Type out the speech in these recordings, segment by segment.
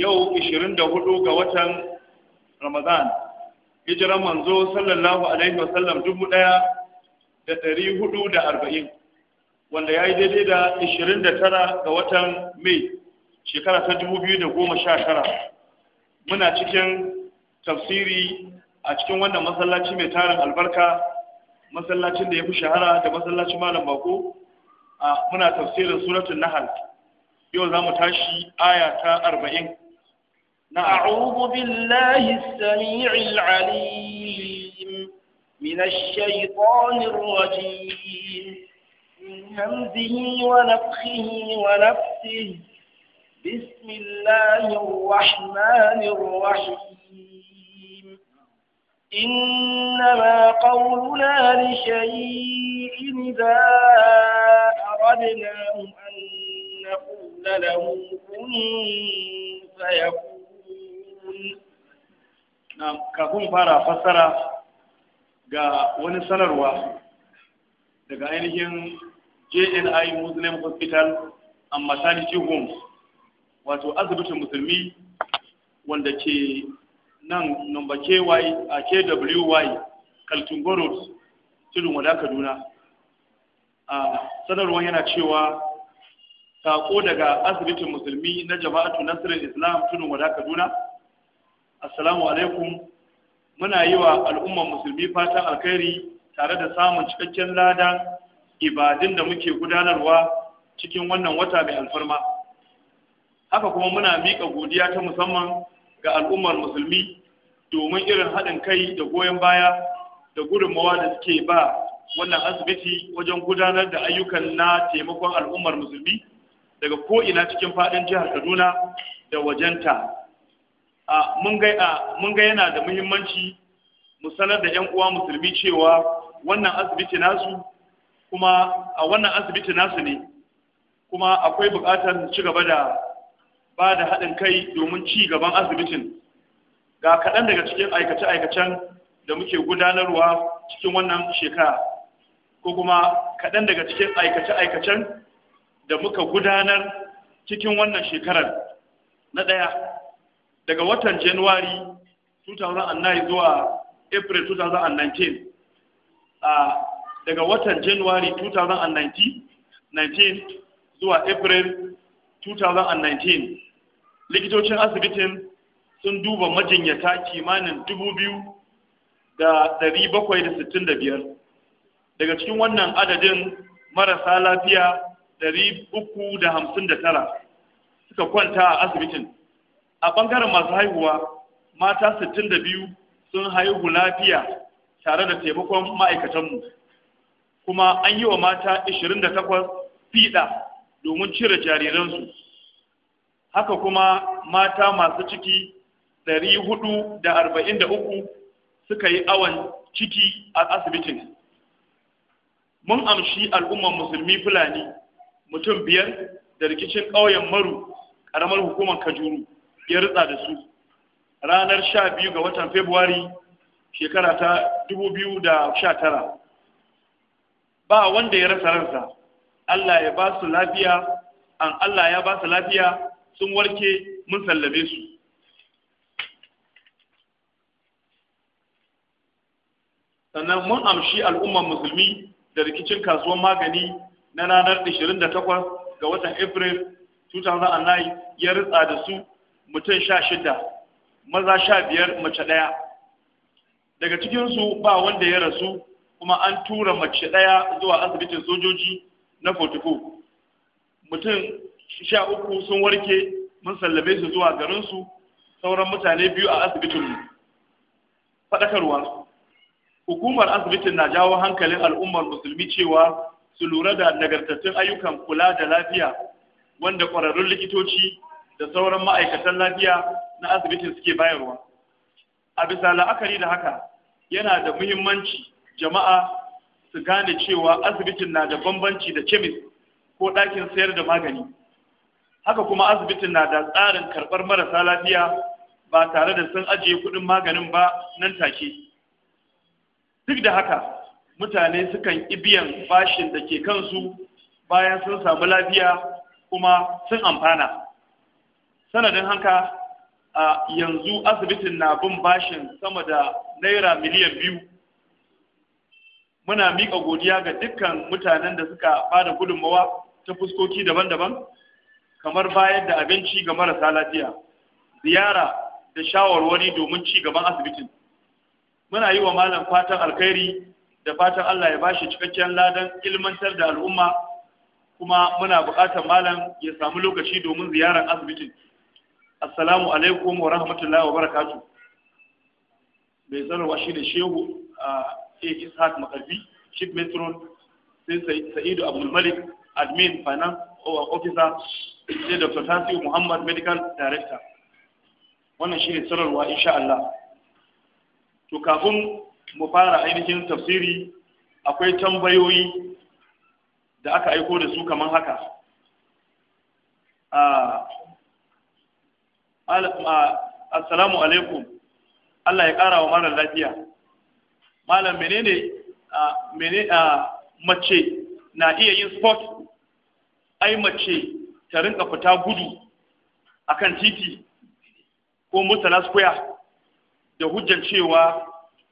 yau 24 ga watan Ramadan hijiran manzo sallallahu alaihi wa dubu ɗaya wanda yayi daidai da 29 ga watan mai shekara ta 2019 muna cikin tafsiri a cikin wannan masallaci mai tarin albarka masallacin da ya fi shahara da masallacin malam bako muna tafsirin suratun nahal yau za mu tashi aya ta arba'in نعوذ أعوذ بالله السميع العليم من الشيطان الرجيم من همزه ونفخه ونفسه بسم الله الرحمن الرحيم إنما قولنا لشيء إذا أردناه أن نقول له كن فيكون na kafin fara fassara ga wani sanarwa daga ainihin JNI Muslim Hospital a Maternity Home wato asibitin musulmi wanda ke nan number KY a KWY kaltungoros Road tudun wada Kaduna a sanarwar yana cewa sako daga asibitin musulmi na jama'atu Nasirin Islam tudun wada Kaduna assalamu alaikum muna yi wa al'umman musulmi fatan alkhairi tare da samun cikakken lada, ibadin da muke gudanarwa cikin wannan wata mai alfarma haka kuma muna miƙa godiya ta musamman ga al'ummar musulmi domin irin haɗin kai da goyon baya da gudunmawa da suke ba wannan asibiti wajen gudanar da ayyukan na taimakon al'ummar musulmi daga ko'ina cikin faɗin jihar kaduna da wajenta mun ga yana da muhimmanci mu sanar da 'yan uwa musulmi cewa wannan asibiti nasu kuma a wannan asibiti nasu ne kuma akwai buƙatar ci gaba da ba da haɗin kai domin ci gaban asibitin ga kaɗan daga cikin aikace-aikacen da muke gudanarwa cikin wannan shekara ko kuma kaɗan daga cikin aikace-aikacen da muka gudanar cikin wannan shekarar na ɗaya daga watan january 2009 zuwa april 2019 a daga watan january 2019 zuwa april 2019 likitocin asibitin sun duba majinyata kimanin 2,765 daga cikin wannan adadin marasa lafiya 359 suka kwanta a asibitin a bangaren masu haihuwa mata 62 sun haihu lafiya tare da taimakon ma'aikatanmu kuma an yi wa mata 28 fiɗa domin cire jariransu haka kuma mata masu ciki 443 suka yi awon ciki a asibitin mun amshi al'ummar musulmi fulani mutum biyar da rikicin ƙauyen maru ƙaramar hukumar kajuru ya rutsa da su ranar sha biyu ga watan february shekara ta dubu biyu da sha tara ba wanda ya rasa ransa allah ya ba su lafiya an allah ya ba su lafiya sun warke mun sallame su sannan mun amshi al'umman musulmi da rikicin kasuwar magani na ranar 28 ga watan april 2009 ya ritsa da su mutum sha shida maza sha biyar mace ɗaya daga cikinsu ba wanda ya rasu kuma an tura mace ɗaya zuwa asibitin sojoji na fotoko mutum sha uku sun warke mun sallabe su zuwa garinsu sauran mutane biyu a asibitinmu faɗakarwa hukumar asibitin na jawo hankalin al'ummar musulmi cewa su lura da nagartattun ayyukan kula da lafiya wanda ƙwararrun likitoci da sauran ma'aikatan lafiya na asibitin suke bayarwa a bisa la'akari da haka yana da muhimmanci jama'a su gane cewa asibitin na da bambanci da kemis ko ɗakin sayar da magani haka kuma asibitin na da tsarin karɓar marasa lafiya ba tare da sun ajiye kuɗin maganin ba nan take duk da haka mutane sukan biyan bashin da ke kansu bayan sun samu lafiya kuma sun amfana sanadin hanka a yanzu asibitin na bin bashin sama da naira miliyan biyu muna miƙa godiya ga dukkan mutanen da suka bada gudunmawa ta fuskoki daban-daban kamar bayar da abinci ga marasa lafiya ziyara da shawarwari domin ci gaban asibitin muna yi wa malam fatan alkhairi da fatan Allah ya bashi cikakken ladan ilmantar da al'umma kuma muna buƙatar malam ya samu lokaci domin ziyarar asibitin assalamu alaikum wa rahmatullahi wa barakatu mai sanarwa shi da shehu a sa'ad makarfi chief metron sai sa'idu abdulmalik admin finance officer sai dr Tasi, muhammad medical director wannan shi ne wa insha Allah to kafin mu fara ainihin tafsiri akwai tambayoyi da aka aiko da su kamar haka assalamu alaikum Allah ya ƙara wa marar lafiya malam menene mene mace na iya yin sport ai mace ta rinka fita gudu a kan titi ko murtala square da hujjar cewa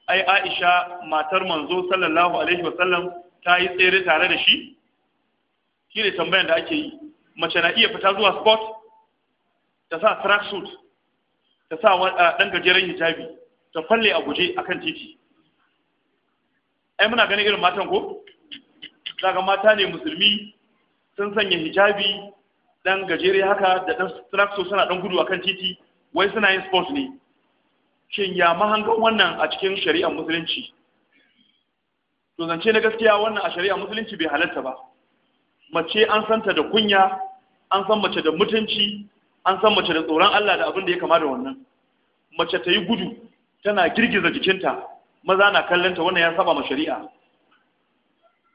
ai aisha matar manzo sallallahu alaihi wasallam ta yi tsere tare da shi shi ne tambayan da ake yi mace na iya fita zuwa sport ta sa suit. ta sa ɗan gajeren hijabi ta falle a guje akan titi ai muna ganin irin matan ko daga mata ne musulmi sun sanya hijabi ɗan gajere haka da ɗan suit suna ɗan gudu akan titi wai suna yin sports ne shin ya mahangan wannan a cikin shari'ar musulunci to zance na gaskiya wannan a shari'ar musulunci bai halatta ba mace an santa da kunya an san mace da mutunci an san mace da tsoron Allah da abin da ya kama da wannan mace ta yi gudu tana girgiza jikinta maza na kallonta wannan ya saba ma shari'a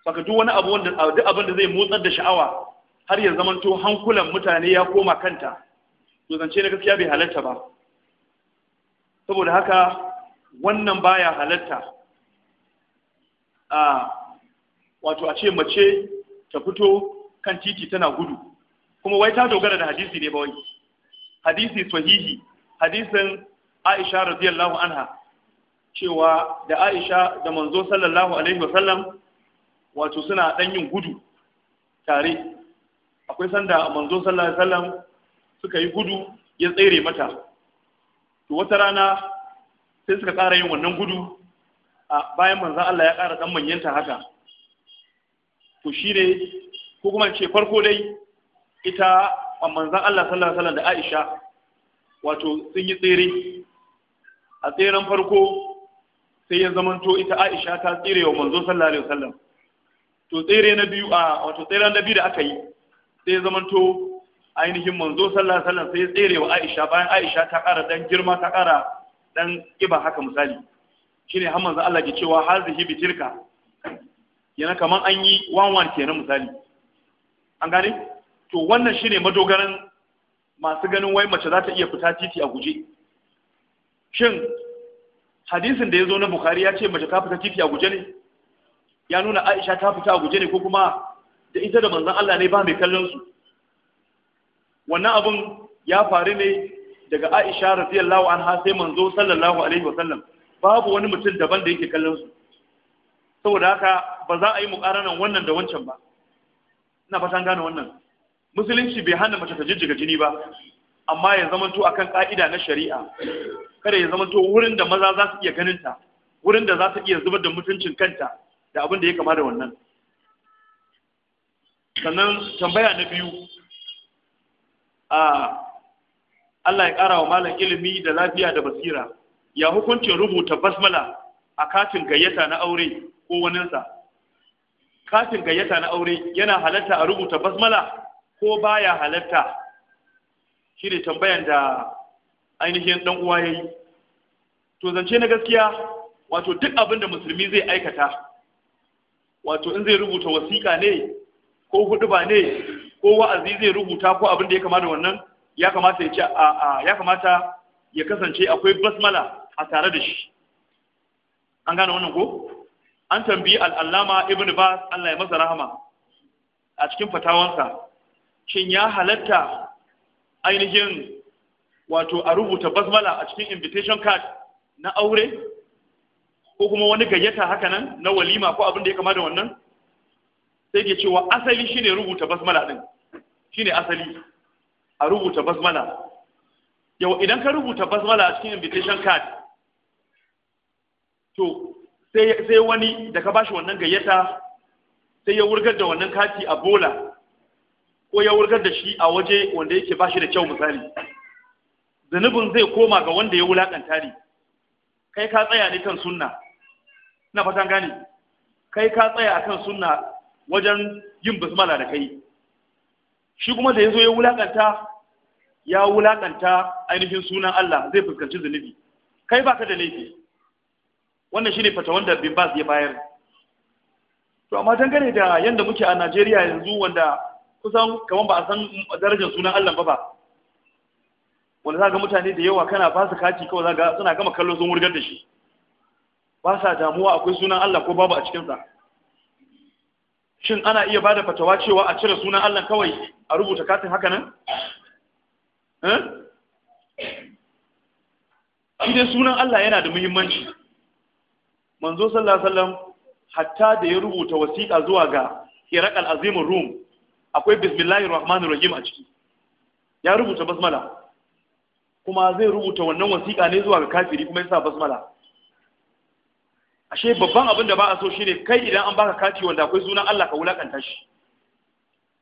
saka duk wani abu wanda duk abin da zai motsar da sha'awa har ya zamanto hankulan mutane ya koma kanta to zance na gaskiya bai halarta ba saboda haka wannan baya halarta a wato a ce mace ta fito kan titi tana gudu kuma wai ta dogara da hadisi ne ba wai hadisi sahihi hadisin Aisha radiyallahu anha cewa da Aisha da manzo sallallahu alaihi wa sallam wato suna dan yin gudu tare akwai sanda manzo sallallahu alaihi wa sallam suka yi gudu ya tsere mata to wata rana sai suka ƙara yin wannan gudu a bayan manzo Allah ya ƙara dan manyanta haka to shi ne ko kuma ce farko dai ita manzan Allah sallallahu alaihi da Aisha wato sun yi tsere a tseren farko sai ya zamanto ita Aisha ta tsere wa manzo sallallahu alaihi wasallam to tsere na biyu a wato tseren na biyu da aka yi sai ya zamanto ainihin manzo sallallahu alaihi wasallam sai ya tsere wa Aisha bayan Aisha ta ƙara dan girma ta ƙara dan ƙiba haka misali shine har manzo Allah ke cewa hazihi bitilka yana kaman an yi wanwan kenan misali an gane to wannan shine madogaran masu ganin wai mace za ta iya fita titi a guje shin hadisin da ya zo na Bukhari ya ce mace ta fita titi a guje ne ya nuna aisha ta fita a guje ne ko kuma da ita da manzan Allah ne ba mai kallon su wannan abun ya faru ne daga aisha radiyallahu anha sai manzo sallallahu alaihi wasallam babu wani mutum daban da yake kallon su saboda haka ba za a yi mukaranan wannan da wancan ba ina fatan gane wannan musulunci bai hana mace ta jijjiga jini ba amma ya zamanto akan ka'ida na shari'a kada ya zamanto wurin da maza za su iya ganin ta wurin da za ta iya zubar da mutuncin kanta da abin da ya kama da wannan sannan tambaya na biyu a Allah ya ƙara wa malam ilimi da lafiya da basira ya hukuncin rubuta basmala a katin gayyata na aure ko waninsa katin gayyata na aure yana halatta a rubuta basmala ko baya halatta shi ne tambayan da ainihin ɗan uwa ya yi. to zance na gaskiya wato duk abin da musulmi zai aikata wato in zai rubuta wasiƙa ne ko ba ne ko wa'azi zai rubuta ko abin da ya kamata wannan ya kamata ya ce a ya kamata ya kasance akwai basmala a tare da shi an gane wannan ko an tambayi al'allama ibn bas Allah ya masa rahama a cikin fatawansa shin ya halatta ainihin wato a rubuta basmala a cikin invitation card na aure ko kuma wani gayyata haka nan na walima ko abin da ya kama da wannan sai ke cewa asali shine rubuta basmala din shine asali a rubuta basmala yau idan ka rubuta basmala a cikin invitation card to sai wani da ka bashi wannan gayyata sai ya wurgar da wannan kati a bola ko ya wurgar da shi a waje wanda yake ba shi da kyau misali zunubin zai koma ga wanda ya wulakanta ne kai ka tsaya ne kan sunna na fatan gane kai ka tsaya akan sunna wajen yin bismala da kai shi kuma da ya zo ya wulakanta ya wulakanta ainihin sunan Allah zai fuskanci zunubi kai baka da laifi wannan shine fatawan wanda bin ya bayar to amma dangane da yanda muke a Najeriya yanzu wanda kusan kamar ba a san darajar sunan Allah ba ba wanda za ga mutane da yawa kana ba su kaci kawai zaga suna gama kallo sun wurgar da shi ba sa damuwa akwai sunan Allah ko babu a cikinsa shin ana iya ba da fatawa cewa a cire sunan Allah kawai a rubuta katin haka nan? Eh? Shi dai sunan Allah yana da muhimmanci manzo sallallahu alaihi wasallam hatta da ya rubuta wasiƙa zuwa ga al Azimin Rum akwai bismillahir rahmanir rahim a ciki ya rubuta basmala kuma zai rubuta wannan wasiƙa ne zuwa ga kafiri kuma yasa basmala ashe babban abin da ba a so shine kai idan an baka kati wanda akwai sunan Allah ka wulakanta shi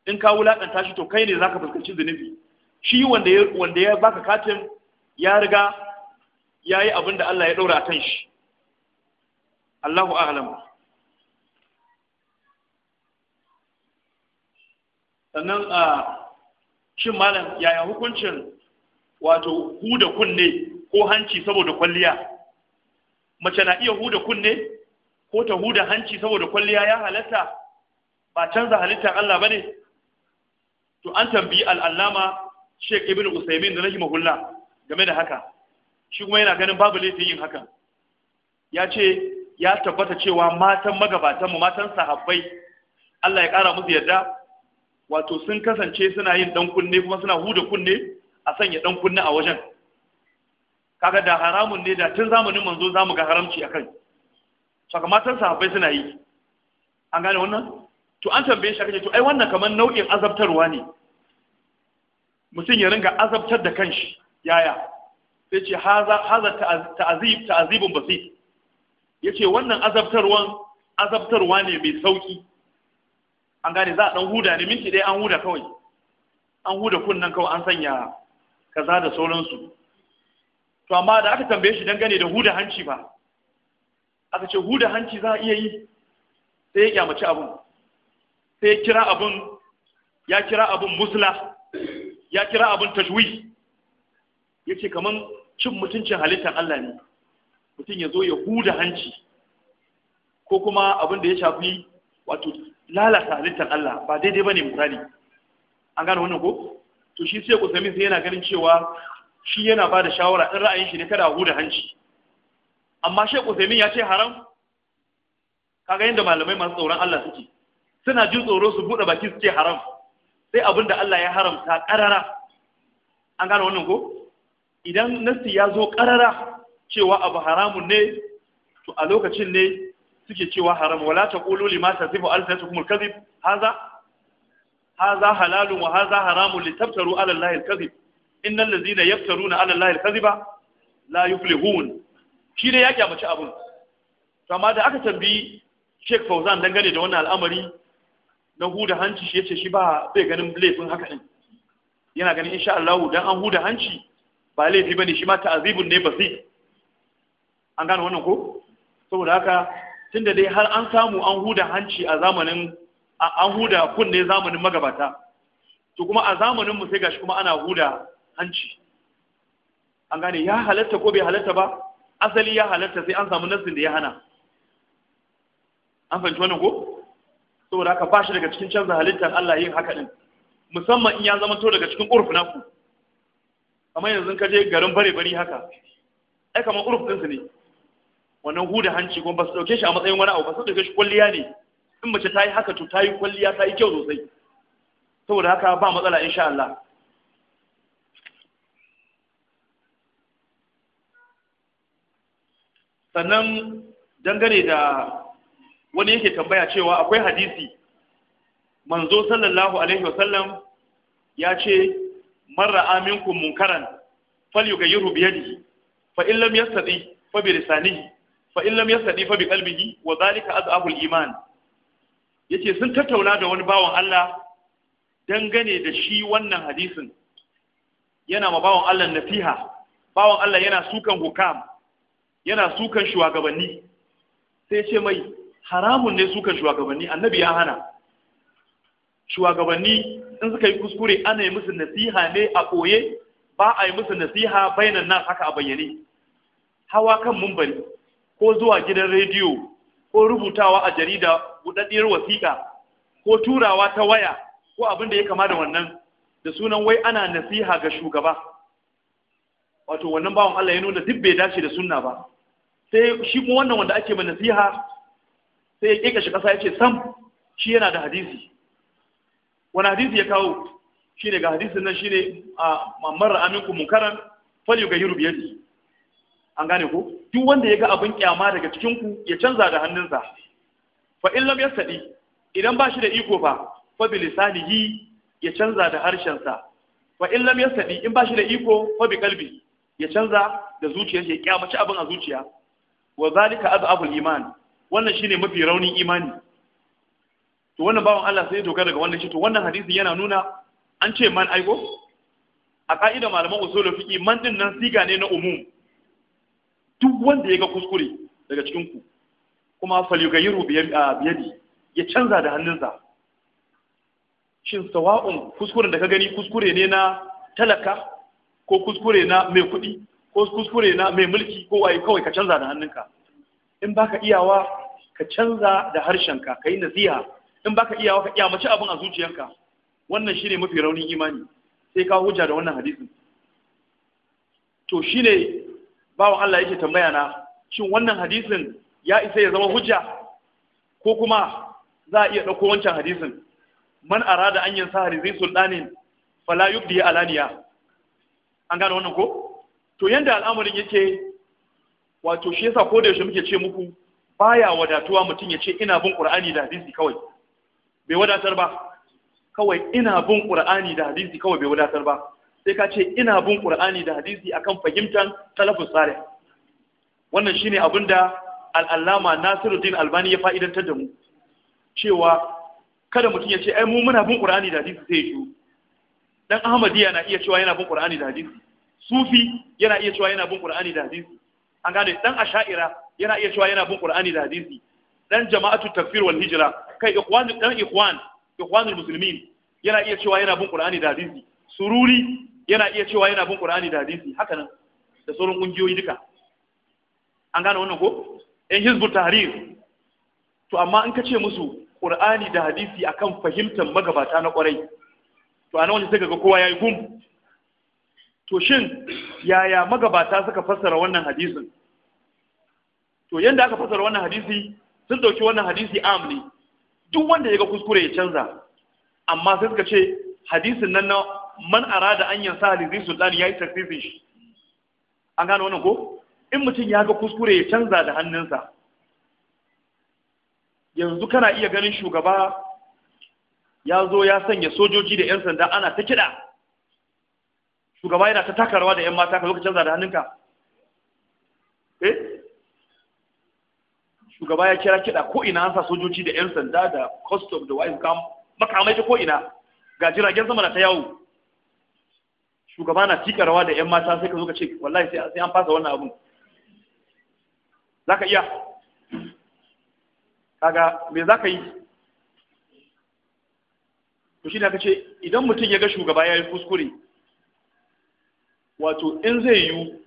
in ka wulakanta shi to kai ne zaka fuskanci zunubi shi wanda ya wanda ya baka katin ya riga yayi abin da Allah ya daura a kan shi Allahu a'lam sannan a ah, shin malam yaya hukuncin wato huda kunne ko hanci saboda kwalliya mace na iya huda kunne ko ta huda hanci saboda kwalliya ya halatta ba canza halittar Allah ba ne to an tambayi al'allama Sheikh Ibn Usaimin da rahimahullah game da haka shi kuma yana ganin babu laifin yin haka ya ce ya tabbata cewa matan magabatanmu matan sahabbai Allah ya ƙara musu yarda wato sun kasance suna yin dan kunne kuma suna huda kunne a sanya dan kunne a wajen kaga da haramun ne da tun zamanin manzo zamu ga haramci akan sakamatan sahabbai suna yi an gane wannan to an tambaye shi kaje to ai wannan kamar nau'in azabtarwa ne mutum ya ringa azabtar da kanshi yaya sai ce haza haza ta'azib ta'azibun basit yace wannan azabtarwan azabtarwa ne mai sauki an gane za a ɗan huda ne minti ɗaya an huda kawai an huda kunnen kawai an sanya kaza da sauransu to amma da aka tambaye shi dangane da huda hanci ba aka ce huda hanci za a iya yi sai ya kyamaci abin sai ya kira abin ya kira abin musla ya kira abin tashwi ya ce kamar cin mutuncin halittar Allah ne mutum ya zo ya huda hanci ko kuma abin da ya shafi wato lalata halittar Allah ba daidai bane misali an gane wannan ko to shi sai Usaimin sai yana ganin cewa shi yana ba da shawara in ra'ayin shi ne kada a huda hanci amma Sheikh Usaimin ya ce haram kaga yadda malamai masu tsoron Allah suke suna jin tsoro su buɗe baki su ce haram sai abin Allah ya haramta ƙarara an gane wannan ko idan nasi ya zo ƙarara cewa abu haramun ne to a lokacin ne suke cewa haram wala taqulu lima tasifu alsatukum alkadhib hadha hadha halalun wa hadha haramun litabtaru ala allahi alkadhib innal ladhina yaftaruna ala allahi alkadhiba la yuflihun shi ne ya kyamaci abun to amma da aka tambayi Sheikh Fauzan dangane da wannan al'amari na huda hanci shi yace shi ba bai ganin laifin haka din yana ganin insha Allah dan an huda hanci ba laifi bane shi ma ta'azibun ne basit an gane wannan ko saboda haka tunda dai har an samu an huda hanci a zamanin an huda kunne zamanin magabata to kuma a zamanin mu sai gashi kuma ana huda hanci an gane ya halatta ko bai halatta ba asali ya halatta sai an samu nassin da ya hana an fahimci wannan ko saboda haka ba shi daga cikin canza halittar Allah yin haka din musamman in ya zama to daga cikin na ku kamar yanzu ka je garin bare bari haka ai kamar urfu din su ne wannan huda hanci kuma ba su ɗauke shi a matsayin wani abu ba su ɗauke shi kwalliya ne in mace ta yi haka to ta yi kwalliya ta yi kyau sosai saboda haka ba matsala insha Allah sannan dangane da wani yake tambaya cewa akwai hadisi manzo sallallahu alaihi wasallam ya ce marra aminkum munkaran falyughayyirhu biyadihi fa in lam yastati fa bi lisanihi fa in lam yastadi fa bi qalbihi wa zalika adhafu iman yace sun tattauna da wani bawan Allah dangane da shi wannan hadisin yana ma bawan Allah nasiha bawan Allah yana sukan hukam yana sukan shugabanni sai ce mai haramun ne sukan shugabanni annabi ya hana shugabanni in suka yi kuskure ana yi musu nasiha ne a koye ba a yi musu nasiha bayanan nan haka a bayyane hawa kan mumbari ko zuwa gidan rediyo ko rubutawa a jarida buɗaɗɗiyar wasiƙa ko turawa ta waya ko abin da ya kama da wannan da sunan wai ana nasiha ga shugaba wato wannan bawan Allah ya nuna duk bai dace da sunna ba sai shi kuma wannan wanda ake ma nasiha sai ya kika shi ƙasa ya ce sam shi yana da hadisi wani hadisi ya kawo shi ne ga hadisin nan shi ne a mamar aminku munkaran fal yugayiru biyadi an gane ko duk wanda ya ga abin kyama daga cikin ku ya canza da hannunsa fa in lam yastadi idan ba shi da iko fa fa bi lisanihi ya canza da harshen sa. fa in lam yastadi in ba shi da iko fa bi kalbi ya canza da zuciyar ya kyamaci abin a zuciya wa zalika azabul iman wannan shine mafi raunin imani to wannan bawan Allah sai ya dogara daga wannan shi to wannan hadisi yana nuna an ce man aiko a ka'ida malaman usulul fiqi man din nan siga ne na umum duk wanda ya ga kuskure daga cikin ku kuma falyugayiru biyadi ah, ya canza da hannunsa shin sawa'un kuskuren da ka gani kuskure ne na talaka ko kuskure na mai kuɗi ko kuskure na mai mulki ko waye kawai ka canza da hannunka in baka iyawa ka canza da harshenka ka yi nasiha in baka iyawa ka kyamaci abin a zuciyarka wannan shine mafi raunin imani sai ka hujja da wannan hadisin to shine bawan Allah yake tambaya na shin wannan hadisin ya isa ya zama hujja ko kuma za a iya ɗauko wancan hadisin man arada an yin sahari zai sultani fala yubdi alaniya an gane wannan ko to yanda al'amarin yake wato shi yasa ko da yaushe muke ce muku baya wadatuwa mutum ya ce ina bin qur'ani da hadisi kawai bai wadatar ba kawai ina bin qur'ani da hadisi kawai bai wadatar ba sai ka ce ina bin qur'ani da hadisi akan fahimtar salafus salih wannan shine abin da al'allama nasiruddin albani ya fa'idantar da mu cewa kada mutum ya ce ai mu muna bin qur'ani da hadisi sai ya dan ahmadiyya na iya cewa yana bin qur'ani da hadisi sufi yana iya cewa yana bin qur'ani da hadisi an gane dan asha'ira yana iya cewa yana bin qur'ani da hadisi dan jama'atu takfir wal hijra kai ikhwan dan ikhwan ikhwanul muslimin yana iya cewa yana bin ƙur'ani da hadisi sururi yana iya cewa yana bin Qur'ani da hadisi haka nan da sauran ƙungiyoyi duka an gane wannan ko in hizbul tahrir to amma in ka ce musu Qur'ani da hadisi akan fahimtar magabata na kwarai to a nan wani sai ga kowa yayi gum to shin yaya magabata suka fassara wannan hadisin to yanda aka fassara wannan hadisi sun dauki wannan hadisi am ne duk wanda ya ga kuskure ya canza amma sai suka ce hadisin nan na man arada an yansa lizi sultani yayi tafsirin shi an gano wannan ko in mutum ya ga kuskure ya canza da hannunsa yanzu kana iya ganin shugaba ya zo ya sanya sojoji da 'yan sanda ana ta kiɗa shugaba yana ta takarwa da 'yan mata ka zo ka canza da hannunka eh shugaba ya kira kiɗa ko ina an sa sojoji da 'yan sanda da custom da wife gam makamai ta ko ina ga jiragen sama na ta yawo shugaba na tika rawa da 'yan mata sai ka zo ka ce wallahi sai an fasa wannan abun za ka iya kaga me za ka yi to shi ka ce idan mutum ya ga shugaba ya yi kuskure wato in zai yiwu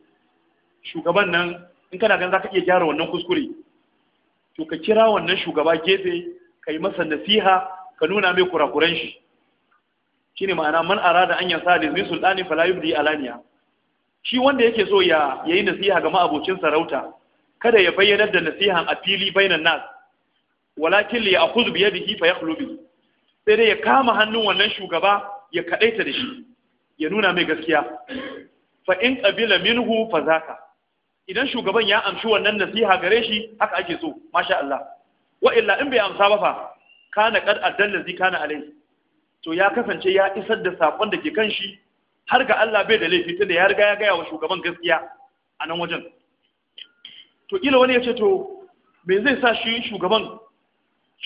shugaban nan in kana gan za ka iya gyara wannan kuskure to ka kira wannan shugaba gefe ka yi masa nasiha ka nuna mai kurakuran shi shine ma'ana man arada an yansa da zai sultani fala yubdi alaniya shi wanda yake so ya yi nasiha ga ma'abocin sarauta kada ya bayyanar da nasihan a fili bainan nas walakin li ya'khudh bi yadihi fa ya sai dai ya kama hannun wannan shugaba ya kadaita da shi ya nuna mai gaskiya fa in qabila minhu fa zaka idan shugaban ya amshi wannan nasiha gare shi haka ake so masha Allah wa illa in bai amsa ba fa kana qad addalla zikana alai to ya kasance ya isar da sakon da ke kan shi har ga Allah bai da laifi tunda ya riga ya gaya wa shugaban gaskiya a nan wajen to kila wani ya ce to me zai sa shi shugaban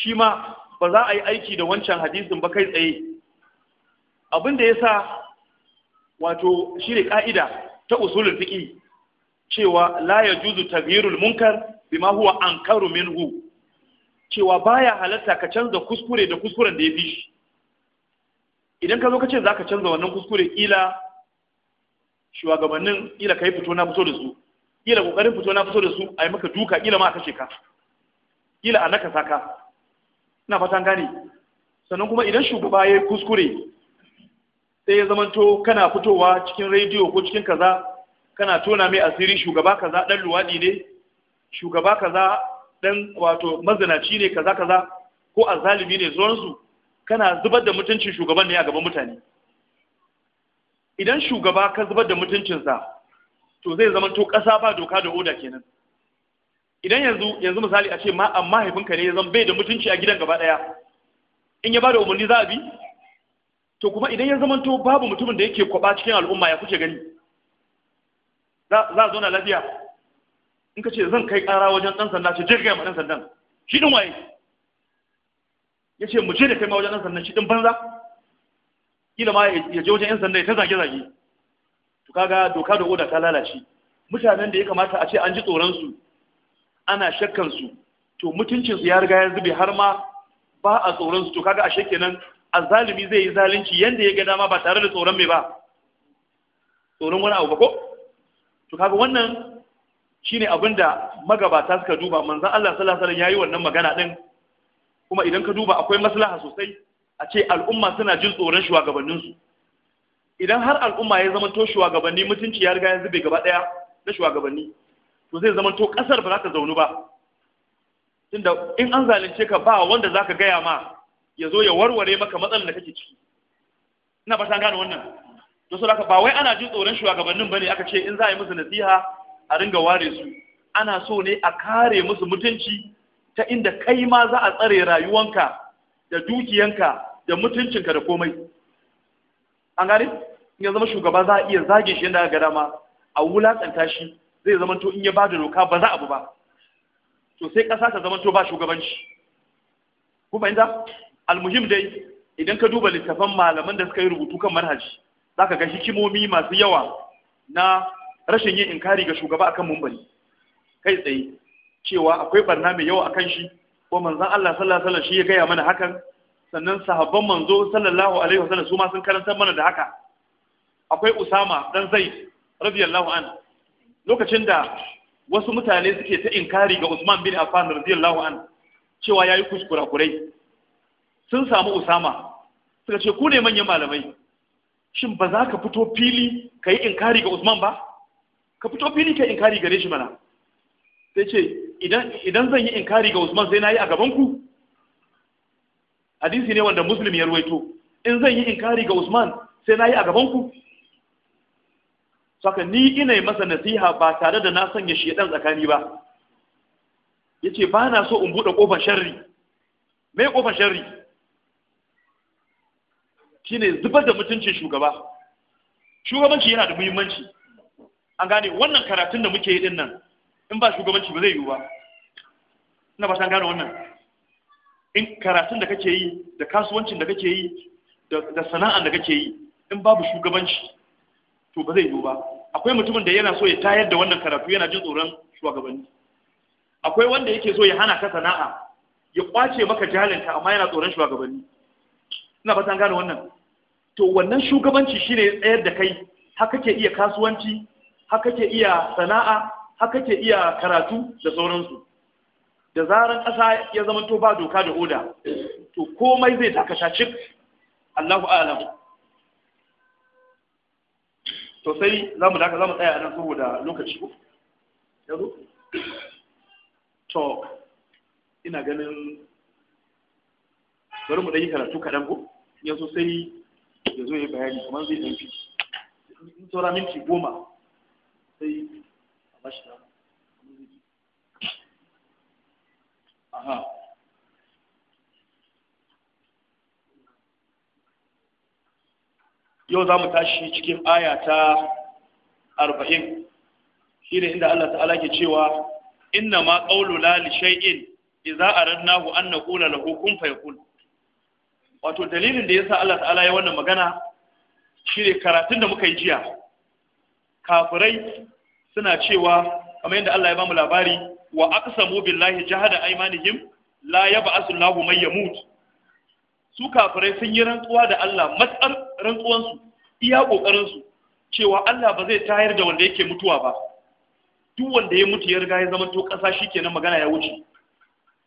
shi ma ba za a yi aiki da wancan hadisin ba kai tsaye abin da ya sa wato shi ne ka'ida ta usulul fiqi cewa la juzu taghyirul munkar bima huwa ankaru minhu cewa baya halatta ka canza kuskure da kuskuren da ya fi shi idan ka zo ka ce za ka canza wannan kuskure kila shugabannin kila ka yi fito na fito da su kila kokarin fito na fito da su a yi maka duka kila ma a kashe ka kila a naka saka ina fatan gane sannan kuma idan shugaba ya yi kuskure sai ya zamanto kana fitowa cikin rediyo ko cikin kaza kana tona mai asiri shugaba kaza dan luwadi ne shugaba kaza dan wato mazinaci ne kaza kaza ko azalimi ne zuwansu kana zubar da mutuncin shugaban ne a gaban mutane idan shugaba ka zubar da mutuncinsa to zai zama to ƙasa ba doka da oda kenan idan yanzu yanzu misali a ce ma amma mahaifinka ne ya zama bai da mutunci a gidan gaba ɗaya in ya ba da umarni za a bi to kuma idan ya zama to babu mutumin da yake kwaba cikin al'umma ya kuke gani za a zauna lafiya in ka ce zan kai ƙara wajen ɗan sanda ce je gaya ma ɗan sandan shi ɗin waye ya ce mu je da kai ma wajen sannan shi din banza kila ma ya je wajen 'yan sanda ya ta zage-zage to kaga doka da oda ta lalace mutanen da ya kamata a ce an ji tsoronsu ana shakkan su, to mutuncinsu ya riga ya zube har ma ba a tsoronsu to kaga ashe kenan azzalimi zai yi zalunci yanda ya ga dama ba tare da tsoron mai ba tsoron wani abu ba ko to kaga wannan shine abinda da magabata suka duba manzon Allah sallallahu alaihi wasallam yayi wannan magana din kuma idan ka duba akwai maslaha sosai a ce al'umma suna jin tsoron shugabanninsu idan har al'umma ya zama to shugabanni mutunci ya riga ya zube gaba ɗaya na shugabanni to zai zama to ƙasar ba za ta zaunu ba tunda in an zalunce ka ba wanda zaka gaya ma ya zo ya warware maka matsalar da kake ciki ina ba san gane wannan to so ba wai ana jin tsoron shugabannin bane aka ce in za a yi musu nasiha a ringa ware su ana so ne a kare musu mutunci ta inda kai ma za a tsare rayuwanka da dukiyanka da mutuncinka da komai an gane ya zama shugaba za a iya zage shi yadda ga dama a wulatsanta shi zai zama to in ya ba da doka ba za abu ba to sai ƙasa ta zama to ba shugabanci ku fahimta almuhim dai idan ka duba littafan malaman da suka yi rubutu kan manhaji za ka ga hikimomi masu yawa na rashin yin inkari ga shugaba akan mumbali kai tsaye cewa akwai barna mai yawa akan shi ko manzon Allah sallallahu alaihi wasallam shi ya gaya mana hakan sannan sahabban manzo sallallahu alaihi wasallam su ma sun karantar mana da haka akwai Usama dan Zaid radiyallahu an lokacin da wasu mutane suke ta inkari ga Usman bin Affan radiyallahu an cewa yayi kuskura kurai sun samu Usama suka ce ku ne manyan malamai shin ba za ka fito fili ka yi inkari ga Usman ba ka fito fili ka inkari gare shi mana sai ce idan zan yi inkari ga Usman sai na yi a gaban ku hadisi ne wanda muslim ya ruwaito in zan yi inkari ga Usman sai na yi a gaban ku saka ni ina yi masa nasiha ba tare da na sanya shedan tsakani ba yace ba na so in bude kofar sharri me kofar sharri shine zubar da mutuncin shugaba shugabanci yana da muhimmanci an gane wannan karatun da muke yi din nan in ba shugabanci ba zai yiwu ba ina ba san gane wannan in karatun da kake yi da kasuwancin da kake yi da sana'an da kake yi in babu shugabanci to ba zai yiwu ba akwai mutumin da yana so ya tayar da wannan karatu yana jin tsoron shugabanni akwai wanda yake so ya hana ka sana'a ya kwace maka jalinka amma yana tsoron shugabanni ina ba san gane wannan to wannan shugabanci shine tsayar da kai haka ke iya kasuwanci haka ke iya sana'a haka ke iya karatu da sauransu da zaran ƙasa ya zama to ba doka da oda to komai zai dakata cik Allahu a'lam to sai za mu daka za mu tsaya nan saboda lokaci ko yanzu to ina ganin bari mu ɗan yi karatu kaɗan ko yanzu sai ya zo ya bayani kamar zai ɗan fi in saura minti goma sai Yau za mu tashi cikin aya ta arba'in, shi ne inda Allah ta'ala ke cewa, Inna ma ƙaulula li shay'in, za a an na ƙula lahu kun fayakun. Wato dalilin da ya sa Allah ta'ala ya wannan magana shi ne karatun da muka yi jiya, kafirai suna cewa kamar yadda Allah ya bamu labari wa aqsamu billahi jahada aymanihim la yab'asu Allahu may yamut su kafirai sun yi rantsuwa da Allah matsar rantsuwan su iya kokarin su cewa Allah ba zai tayar da wanda yake mutuwa ba duk wanda ya mutu ya riga ya zama to kasa shikenan magana ya wuce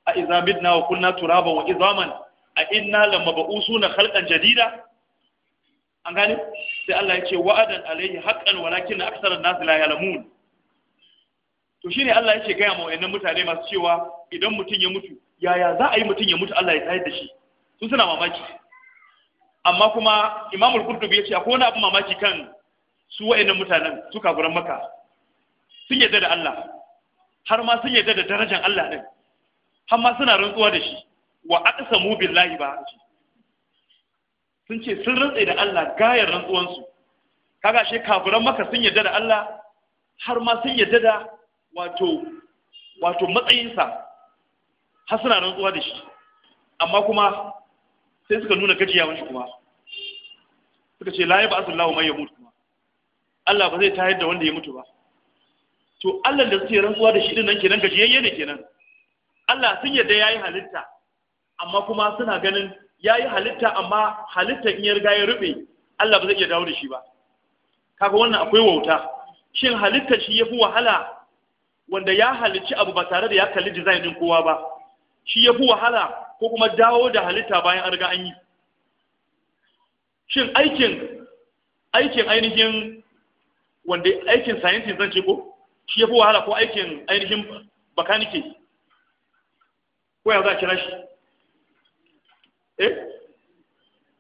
a idza midna wa kunna turaba wa izaman a inna lamab'usuna khalqan jadida an gane sai Allah ya ce wa'adan alayhi haqqan walakin aktharun nas la ya'lamun to shi ne Allah ya ce gaya ma mutane masu cewa idan mutum ya mutu yaya za a yi mutum ya mutu Allah ya tsayar da shi sun suna mamaki amma kuma imamul al ya ce akwai wani abu mamaki kan su wayannan mutanen su kafiran maka sun yarda da Allah har ma sun yarda da darajar Allah ɗin, har ma suna rantsuwa da shi wa aqsamu billahi ba sun ce sun rantsa da Allah gayar rantsuwansu kaga she kafiran maka sun yarda da Allah har ma sun yarda da wato wato matsayinsa har suna rantsuwa da shi amma kuma sai suka nuna gajiya wani kuma suka ce ba ya ba'atul mai ya mutu kuma Allah ba zai tayar da wanda ya mutu ba to Allah da suke rantsuwa da shi din nan kenan gajiyayye ne kenan Allah sun yadda yayi halitta amma kuma suna ganin yayi halitta amma halitta in ya riga ya rube Allah ba zai iya dawo da shi ba kaga wannan akwai wauta shin halitta shi yafi wahala wanda ya halici abu ba tare da ya kalli dizainin kowa ba shi ya fi wahala ko kuma dawo da halitta bayan an riga an yi shin aikin aikin ainihin wanda aikin sayansi zan ce ko shi ya fi wahala ko aikin ainihin bakanike ko ya za a kira shi eh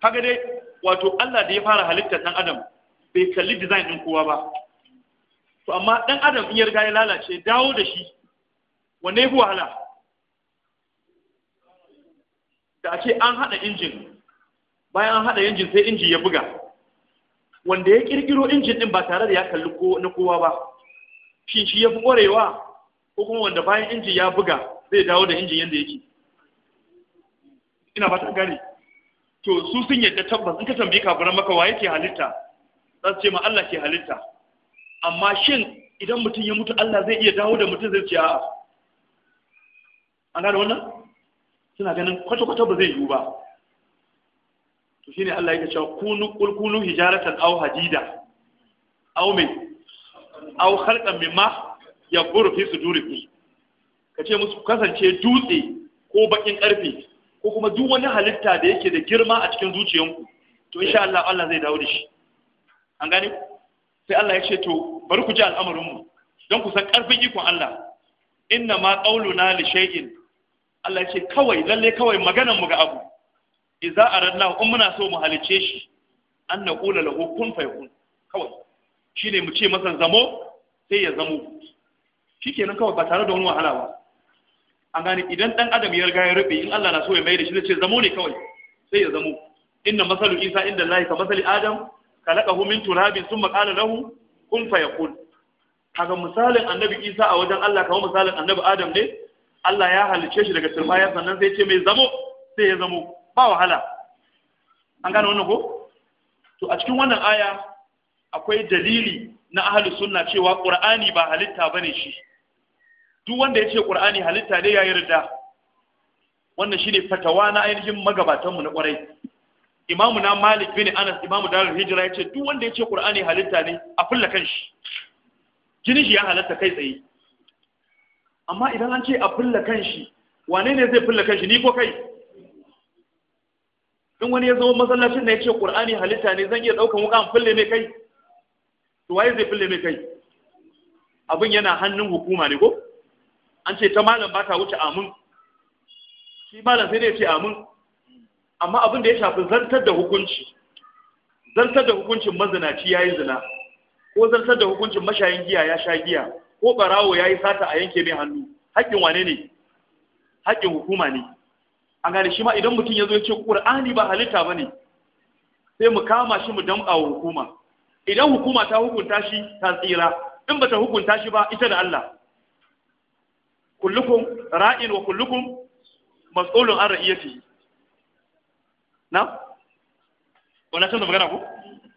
kaga dai wato Allah da ya fara halitta ɗan adam bai kalli dizayin ɗin kowa ba to amma dan adam in ya riga ya lalace dawo da shi wanne fi wahala da a ce an haɗa injin bayan an haɗa injin sai injin ya buga wanda ya ƙirƙiro injin ɗin ba tare da ya kalli ko na kowa ba shi shi ya fi ƙwarewa ko kuma wanda bayan injin ya buga zai dawo da injin yadda yake ina ba ta gane to su sun yadda tabbas in ka tambayi kafiran maka wa ke halitta za su ce ma Allah ke halitta amma shin idan mutum ya mutu Allah zai iya dawo da mutum zai ce a'a an gane wannan suna ganin kwata-kwata ba zai yiwu ba to shine Allah yake cewa kunu qul hijaratan aw hadida aw min aw khalqan mimma yaquru fi sudurikum kace musu kasance dutse ko bakin karfe ko kuma duk wani halitta da yake da girma a cikin zuciyanku to insha Allah Allah zai dawo da shi an gane sai Allah ya ce to bari ku ji al'amarin mu don ku san karfin ikon Allah inna ma qauluna li shay'in Allah ya ce kawai lalle kawai maganar mu ga abu idza aradna um muna so mu halice shi an naqula lahu kun fayakun kawai shine mu ce masa zamo sai ya zamo shikenan kawai ba tare da wani wahala ba an gane idan dan adam ya riga ya rubi in Allah na so ya mai da shi zai ce zamo ne kawai sai ya zamo inna masalu isa inda lahi ka masali adam khalaqahu min turabin thumma qala lahu kun fayakun kaga misalin annabi Isa a wajen Allah kamar misalin annabi Adam ne Allah ya halice shi daga turbaya sannan sai ce mai zamo sai ya zamo ba wahala an gane wannan ko to a cikin wannan aya akwai dalili na ahli sunna cewa qur'ani ba halitta bane shi duk wanda ya ce qur'ani halitta ne ya yarda wannan shine fatawa na ainihin magabatanmu na kwarai imamu na malik bin anas imamu dar hijira ya ce duk wanda ya ce qur'ani halitta ne a fulla kanshi jinin shi ya halatta kai tsaye amma idan an ce a fulla kanshi wane ne zai fulla kanshi ni ko kai in wani ya zama masallacin da ya ce qur'ani halitta ne zan iya daukan wuka in fulle mai kai to waye zai fulle mai kai abin yana hannun hukuma ne ko an ce ta malam ba ta wuce amin shi malam sai dai ya ce amin amma abin da ya shafi zantar da hukunci zantar da hukuncin mazinaci ya yi zina ko zantar da hukuncin mashayin giya ya sha giya ko barawo ya yi sata a yanke mai hannu haƙƙin wane ne haƙƙin hukuma ne a gane shi ma idan mutum ya zo ya ce ƙur'ani ba halitta ba ne sai mu kama shi mu damƙa wa hukuma idan hukuma ta hukunta shi ta tsira in ba ta hukunta shi ba ita da Allah kullukum ra'in wa kullukum mas'ulun an ra'iyatihi na wani canza magana ko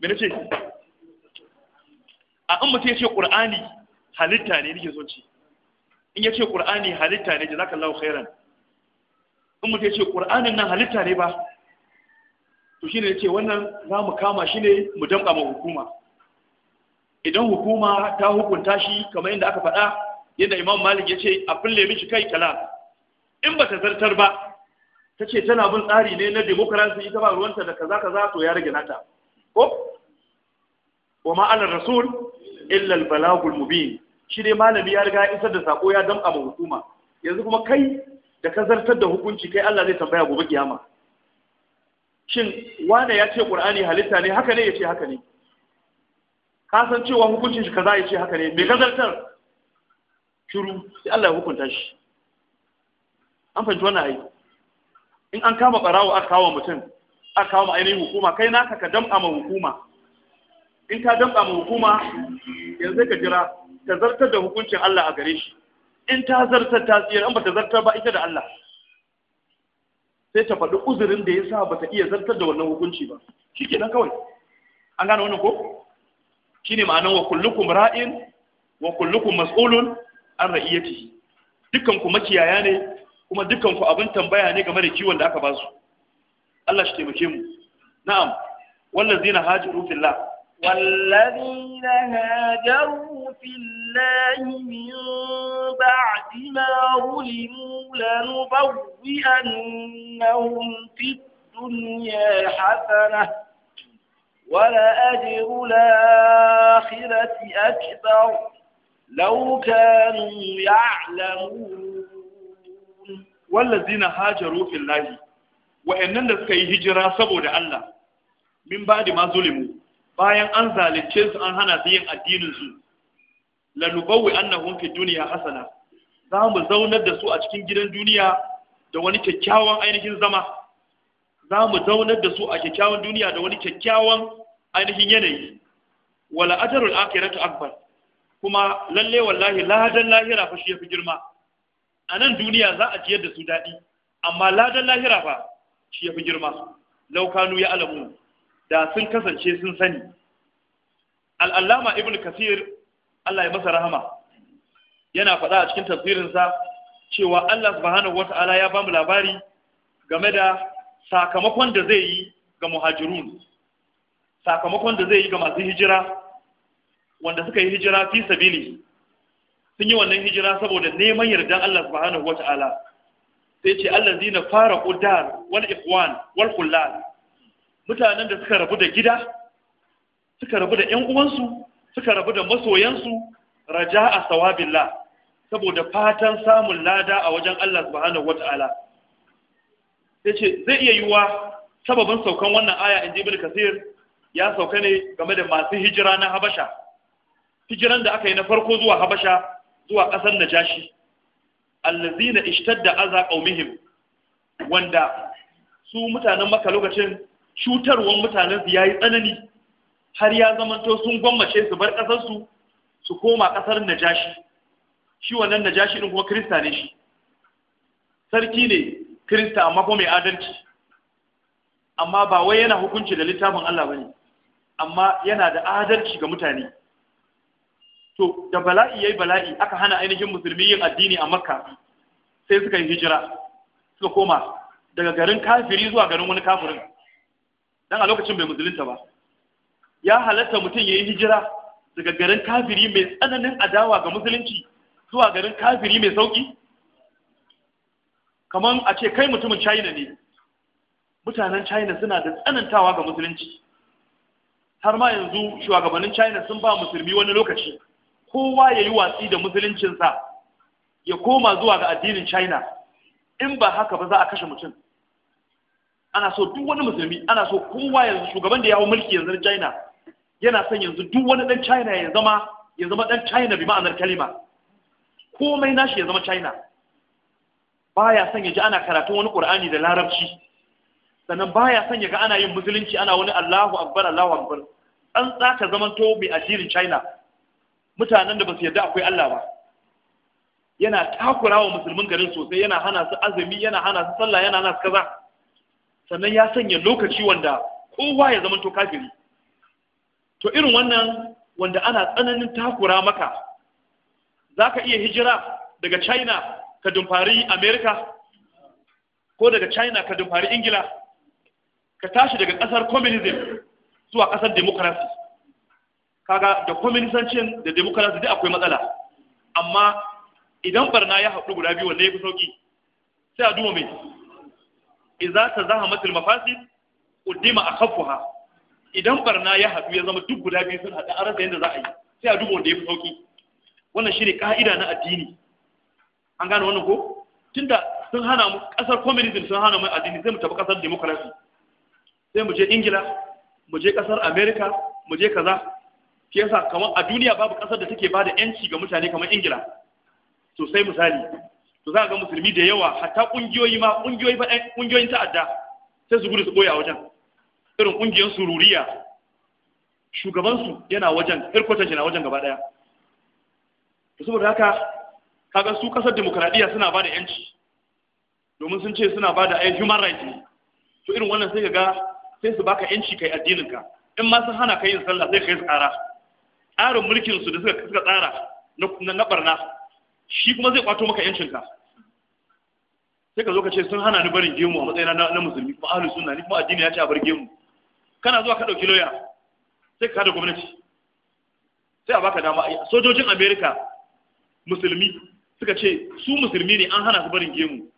me na ce a in mutum ya ce ƙur'ani halitta ne nake son ci in ya ce ƙur'ani halitta ne jazakallahu khairan in mutum ya ce ƙur'anin nan halitta ne ba to shi ne ya ce wannan za mu kama shi ne mu damƙa ma hukuma idan hukuma ta hukunta shi kamar yadda aka faɗa yadda imam malik ya ce a fulle mishi kai kala in ba ta zartar ba ta ce tana bin tsari ne na demokarasi ita ba ruwanta da kaza kaza to ya rage nata ko wa ma ala rasul illa al balagul mubin shi dai malami ya riga isar da sako ya damƙa ma hukuma yanzu kuma kai da ka zartar da hukunci kai Allah zai tambaya gobe kiyama shin wane ya ce qur'ani halitta ne haka ne ya ce haka ne ka san cewa hukuncin shi kaza ya ce haka ne me ka zartar shiru sai Allah ya hukunta shi an fahimci wannan aiki in an kama barawo aka kawo mutum aka kawo ainihin hukuma kai naka ka damƙa ma hukuma in ka damƙa ma hukuma yanzu ka jira ta zartar da hukuncin Allah a gare shi in ta zartar ta tsira in ba ta zartar ba ita da Allah sai ta faɗi uzurin da ya sa ba ta iya zartar da wannan hukunci ba shi ke nan kawai an gane wannan ko shi ne ma'anar wa kullukum ra'in wa kullukum mas'ulun an ra'iyatihi dukkan ku makiyaya ne kuma dukanku abin tambaya ne game da kiwon da aka ba su Allah shi taimake mu na'am wallazina hajaru fillah wallazina hajaru fillah min ba'di ma ulimu annahum fi dunya hasana ولا أجر الآخرة أكبر لو كانوا يعلمون wallazina hajaru fillahi wa'annan da suka yi hijira saboda Allah min ba'di ma bayan an zalunce su an hana su yin addinin su lanubawwi annahum fi dunya hasana za mu zaunar da su a cikin gidan duniya da wani kyakkyawan ainihin zama za mu zaunar da su a kyakkyawan duniya da wani kyakkyawan ainihin yanayi wala ajrul akhiratu akbar kuma lalle wallahi ladan lahira fa shi yafi girma a nan duniya za a ciyar da su daɗi amma ladan lahira fa shi ya fi girma laukanu ya alamu da sun kasance sun sani al'allama ibn kasir allah ya masa rahama yana faɗa a cikin tafsirinsa cewa allah subhanahu wata'ala ya bamu labari game da sakamakon da zai yi ga muhajirun sakamakon da zai yi ga masu hijira wanda suka yi hijira fi sabili sun yi wannan hijira saboda neman yardan Allah subhanahu wata'ala sai ce zina fara ƙudar wal ikwan wal kullal mutanen da suka rabu da gida suka rabu da ƴan uwansu suka rabu da masoyansu raja raja'a sawabillah saboda fatan samun lada a wajen Allah subhanahu wata'ala sai ce zai iya yiwuwa sababin saukan wannan aya in ibnu kasir ya sauka ne game da masu hijira na habasha hijiran da aka yi na farko zuwa habasha zuwa ƙasar najashi allazina ishtadda aza qaumihim wanda su mutanen maka lokacin cutarwar mutanen su yi tsanani har ya zamanto sun gwammace su bar ƙasarsu su koma ƙasar najashi shi wannan najashi din kuma krista ne shi sarki ne krista amma kuma mai adalci amma ba wai yana hukunci da littafin Allah ba ne. amma yana da adalci ga mutane to da bala'i yayi bala'i aka hana ainihin musulmi yin addini a makka sai suka yi hijira suka koma daga garin kafiri zuwa garin wani kafirin dan a lokacin bai musulunta ba ya halatta mutum yayi hijira daga garin kafiri mai tsananin adawa ga musulunci zuwa garin kafiri mai sauki kamar a ce kai mutumin china ne mutanen china suna da tsanantawa ga musulunci har ma yanzu shugabannin china sun ba musulmi wani lokaci kowa ya yi watsi da musuluncinsa ya koma zuwa ga addinin china in ba haka ba za a kashe mutum ana so duk wani musulmi ana so kowa yanzu shugaban da ya hau mulki yanzu na china yana son yanzu duk wani dan china ya zama ya zama dan china bi ma'anar kalima komai nashi ya zama china baya son ya ji ana karatu wani qur'ani da larabci sannan baya son ya ga ana yin musulunci ana wani allahu akbar allahu akbar an tsaka zaman to mai china mutanen da ba su yarda akwai Allah ba yana takura wa musulmin garin sosai yana hana su azumi yana hana su sallah yana hana su kaza sannan ya sanya lokaci wanda kowa ya zama to kafiri to irin wannan wanda ana tsananin takura maka zaka iya hijira daga china ka dumfari america ko daga china ka dumfari ingila ka tashi daga kasar communism zuwa ƙasar democracy kaga da kwaminisanci da demokarasi duk akwai matsala amma idan barna ya haɗu guda biyu wanda ya fi sauƙi sai a duba mai iza ta zaha matul mafasid uddima akhafuha idan barna ya haɗu ya zama duk guda biyu sun haɗu an rasa yadda za a yi sai a duma wanda ya fi sauƙi wannan shine ka'ida na addini an gane wannan ko tunda sun hana mu ƙasar communism sun hana mu addini sai mu tafi ƙasar demokarasi sai mu je ingila mu je ƙasar america mu je kaza shi yasa kamar a duniya babu ƙasar da take bada yanci ga mutane kamar ingila sosai misali to za ga musulmi da yawa hatta ƙungiyoyi ma kungiyoyi fa eh, ƙungiyoyin ta'adda sai su gudu su koya wajen irin ƙungiyar sururiya shugabansu yana wajen hirkwatar na wajen gaba ɗaya saboda haka kaga su ƙasar demokradiya suna bada yanci domin sun ce suna bada ai eh, human rights ne to irin wannan sai ka ga sai su baka yanci kai addininka in ma sun hana ka yin sallah sai ka yi tsara tsarin su da suka tsara na barna shi kuma zai kwato maka yancinka sai ka zo ka ce sun hana ni barin gemu a matsayina na musulmi kuma ahlus sunna ni kuma addini ya ce a bar gemu kana zuwa ka dauki lawyer sai ka da gwamnati sai a baka dama sojojin America musulmi suka ce su musulmi ne an hana su barin gemu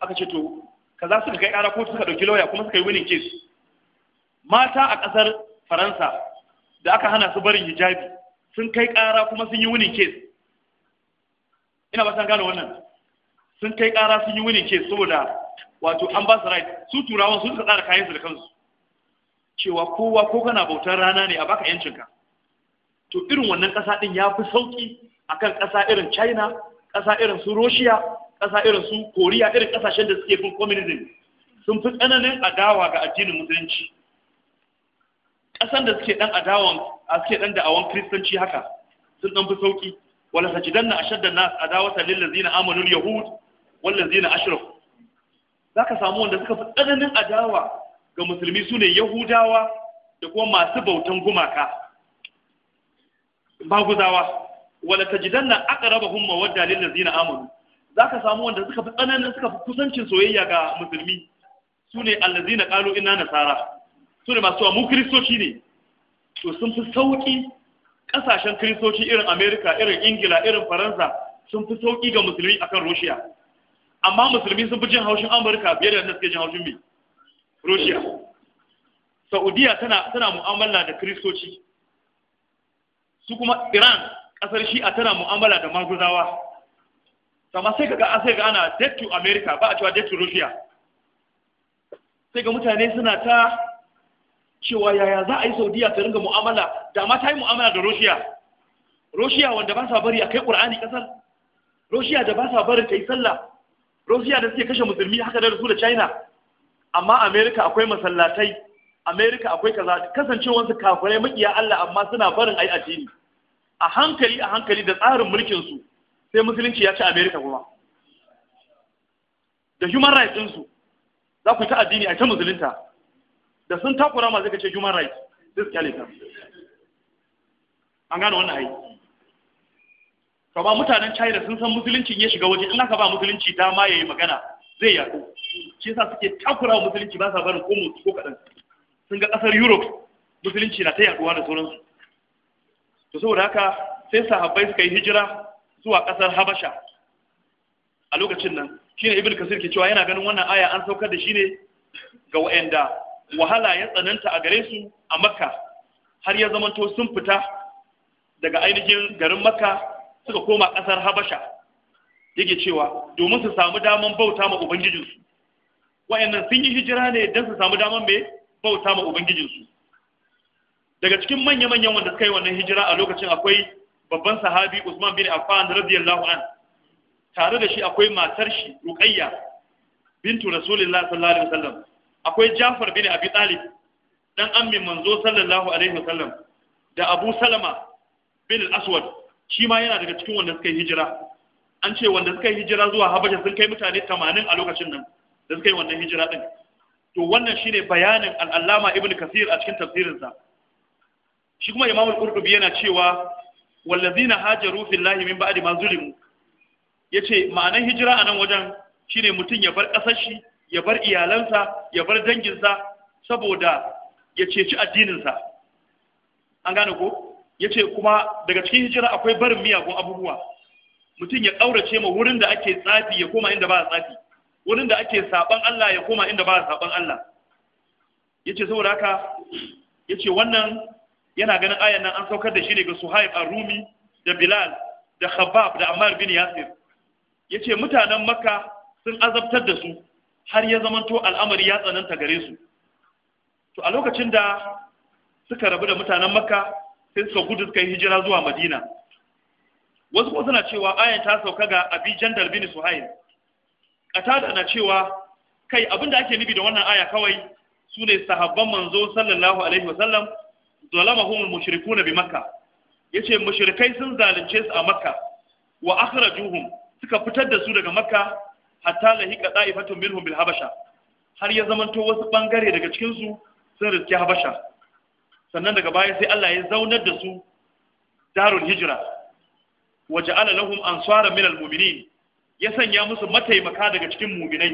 aka ce to kaza suka kai kara kotu suka dauki lawyer kuma suka yi winning case mata a kasar Faransa da aka hana su barin hijabi sun kai ƙara kuma sun yi wunin kes ina ba san gane wannan sun kai ƙara sun yi wunin kes saboda wato an ba su right su turawan sun tsara kayan su da kansu cewa kowa ko kana bautar rana ne a baka yancin ka to irin wannan ƙasa ɗin ya fi sauƙi akan ƙasa irin china ƙasa irin su russia ƙasa irin su koriya irin ƙasashen da suke bin communism sun fi tsananin adawa ga addinin musulunci ƙasan da suke ɗan adawan suke ɗan da'awan kristanci haka sun ɗan fi sauƙi, wala sajidanna ashaddan nas adawatan lil lilla amanu al yahud wal ashirar? ashraku zaka samu wanda suka fi tsananin adawa ga musulmi sune yahudawa da kuma masu bautan gumaka maguzawa wala tajidanna aqrabahum mawadda lil ladzina amanu zaka samu wanda suka fi tsananin suka fi kusancin soyayya ga musulmi sune allazina qalu inna nasara su ne masu cewa mu kiristoci ne to sun fi sauƙi ƙasashen kiristoci irin amerika irin ingila irin faransa sun fi sauƙi ga musulmi akan Roshiya. amma musulmi sun fi jin haushin amurka biyar da suke jin haushin mai russia saudiya tana tana mu'amala da kiristoci su kuma iran ƙasar shi'a tana mu'amala da maguzawa sama sai kaga sai ga ana dead to america ba a cewa dead to russia sai ga mutane suna ta cewa yaya za a yi saudiya ta ringa mu'amala da ma ta yi mu'amala da roshiya roshiya wanda ba sa bari a kai ƙur'ani ƙasar roshiya da ba sa bari ta yi sallah roshiya da suke kashe musulmi haka da su da china amma america akwai masallatai america akwai kaza kasancewarsu kafirai makiya allah amma suna barin ai addini a hankali a hankali da tsarin mulkin su sai musulunci ya ci america kuma da human rights ɗinsu za ku yi ta addini a ta musulunta da sun takura ma zai ce human rights this su an gano wannan ai to ba mutanen China sun san musulunci ya shiga waje in aka ba musulunci dama yayi magana zai yaku shi yasa suke takura musulunci ba sa barin ko mutu ko kadan sun ga kasar Europe musulunci na ta yaduwa da sauransu to saboda haka sai sahabbai suka yi hijira zuwa kasar Habasha a lokacin nan shine Ibn Kasir ke cewa yana ganin wannan aya an saukar da shi ne ga wa'anda wahala ya tsananta a gare su a makka har ya zamanto sun fita daga ainihin garin makka suka koma ƙasar habasha yake cewa domin su samu daman bauta ma ubangijinsu wa'annan sun yi hijira ne don su samu daman mai bauta ma ubangijinsu daga cikin manya-manyan wanda suka yi wannan hijira a lokacin akwai babban sahabi usman bin affan radiyallahu an tare da shi akwai matar shi ruqayya bintu rasulullahi sallallahu alaihi wasallam akwai Jafar bin Abi Talib dan ammin manzo sallallahu alaihi wasallam da Abu Salama bin aswad shi ma yana daga cikin wanda suka yi hijira an ce wanda suka yi hijira zuwa Habasha sun kai mutane 80 a lokacin nan da suka yi wannan hijira din to wannan shine bayanin al-Allama Ibn Kathir a cikin tafsirinsa shi kuma Imam al-Qurtubi yana cewa wallazina hajaru fillahi min ba'di ma zulimu yace ma'anar hijira a nan wajen shine mutum ya bar kasar shi ya bar iyalansa ya bar danginsa saboda ya ceci addininsa an gane ko ya ce kuma daga cikin hijira akwai barin miyagun abubuwa mutum ya ƙaurace ma wurin da ake tsafi ya koma inda ba a tsafi wurin da ake saban Allah ya koma inda ba a saban Allah ya ce saboda haka ya ce wannan yana ganin ayan nan an saukar da shi ne ga suhaib a rumi da bilal da khabab da ammar bin yasir ya ce mutanen makka sun azabtar da su har ya zamanto al'amari ya tsananta gare su to a lokacin da suka rabu da mutanen makka sai suka gudu suka yi hijira zuwa madina wasu kuma suna cewa ayan ta sauka ga abi jandal bin suhail da na cewa kai abinda ake nufi da wannan aya kawai su ne sahabban manzo sallallahu alaihi wasallam zalamahum mushrikuna bi makka yace mushrikai sun zalunce su a makka wa akhrajuhum suka fitar da su daga makka hatta lahiqa da'ifatun minhum bil habasha har ya zamanto wasu bangare daga cikin su sun riske habasha sannan daga baya sai Allah ya zaunar da su darul hijra wa ja'ala lahum ansara min al mu'minin ya sanya musu mataimaka daga cikin mu'minai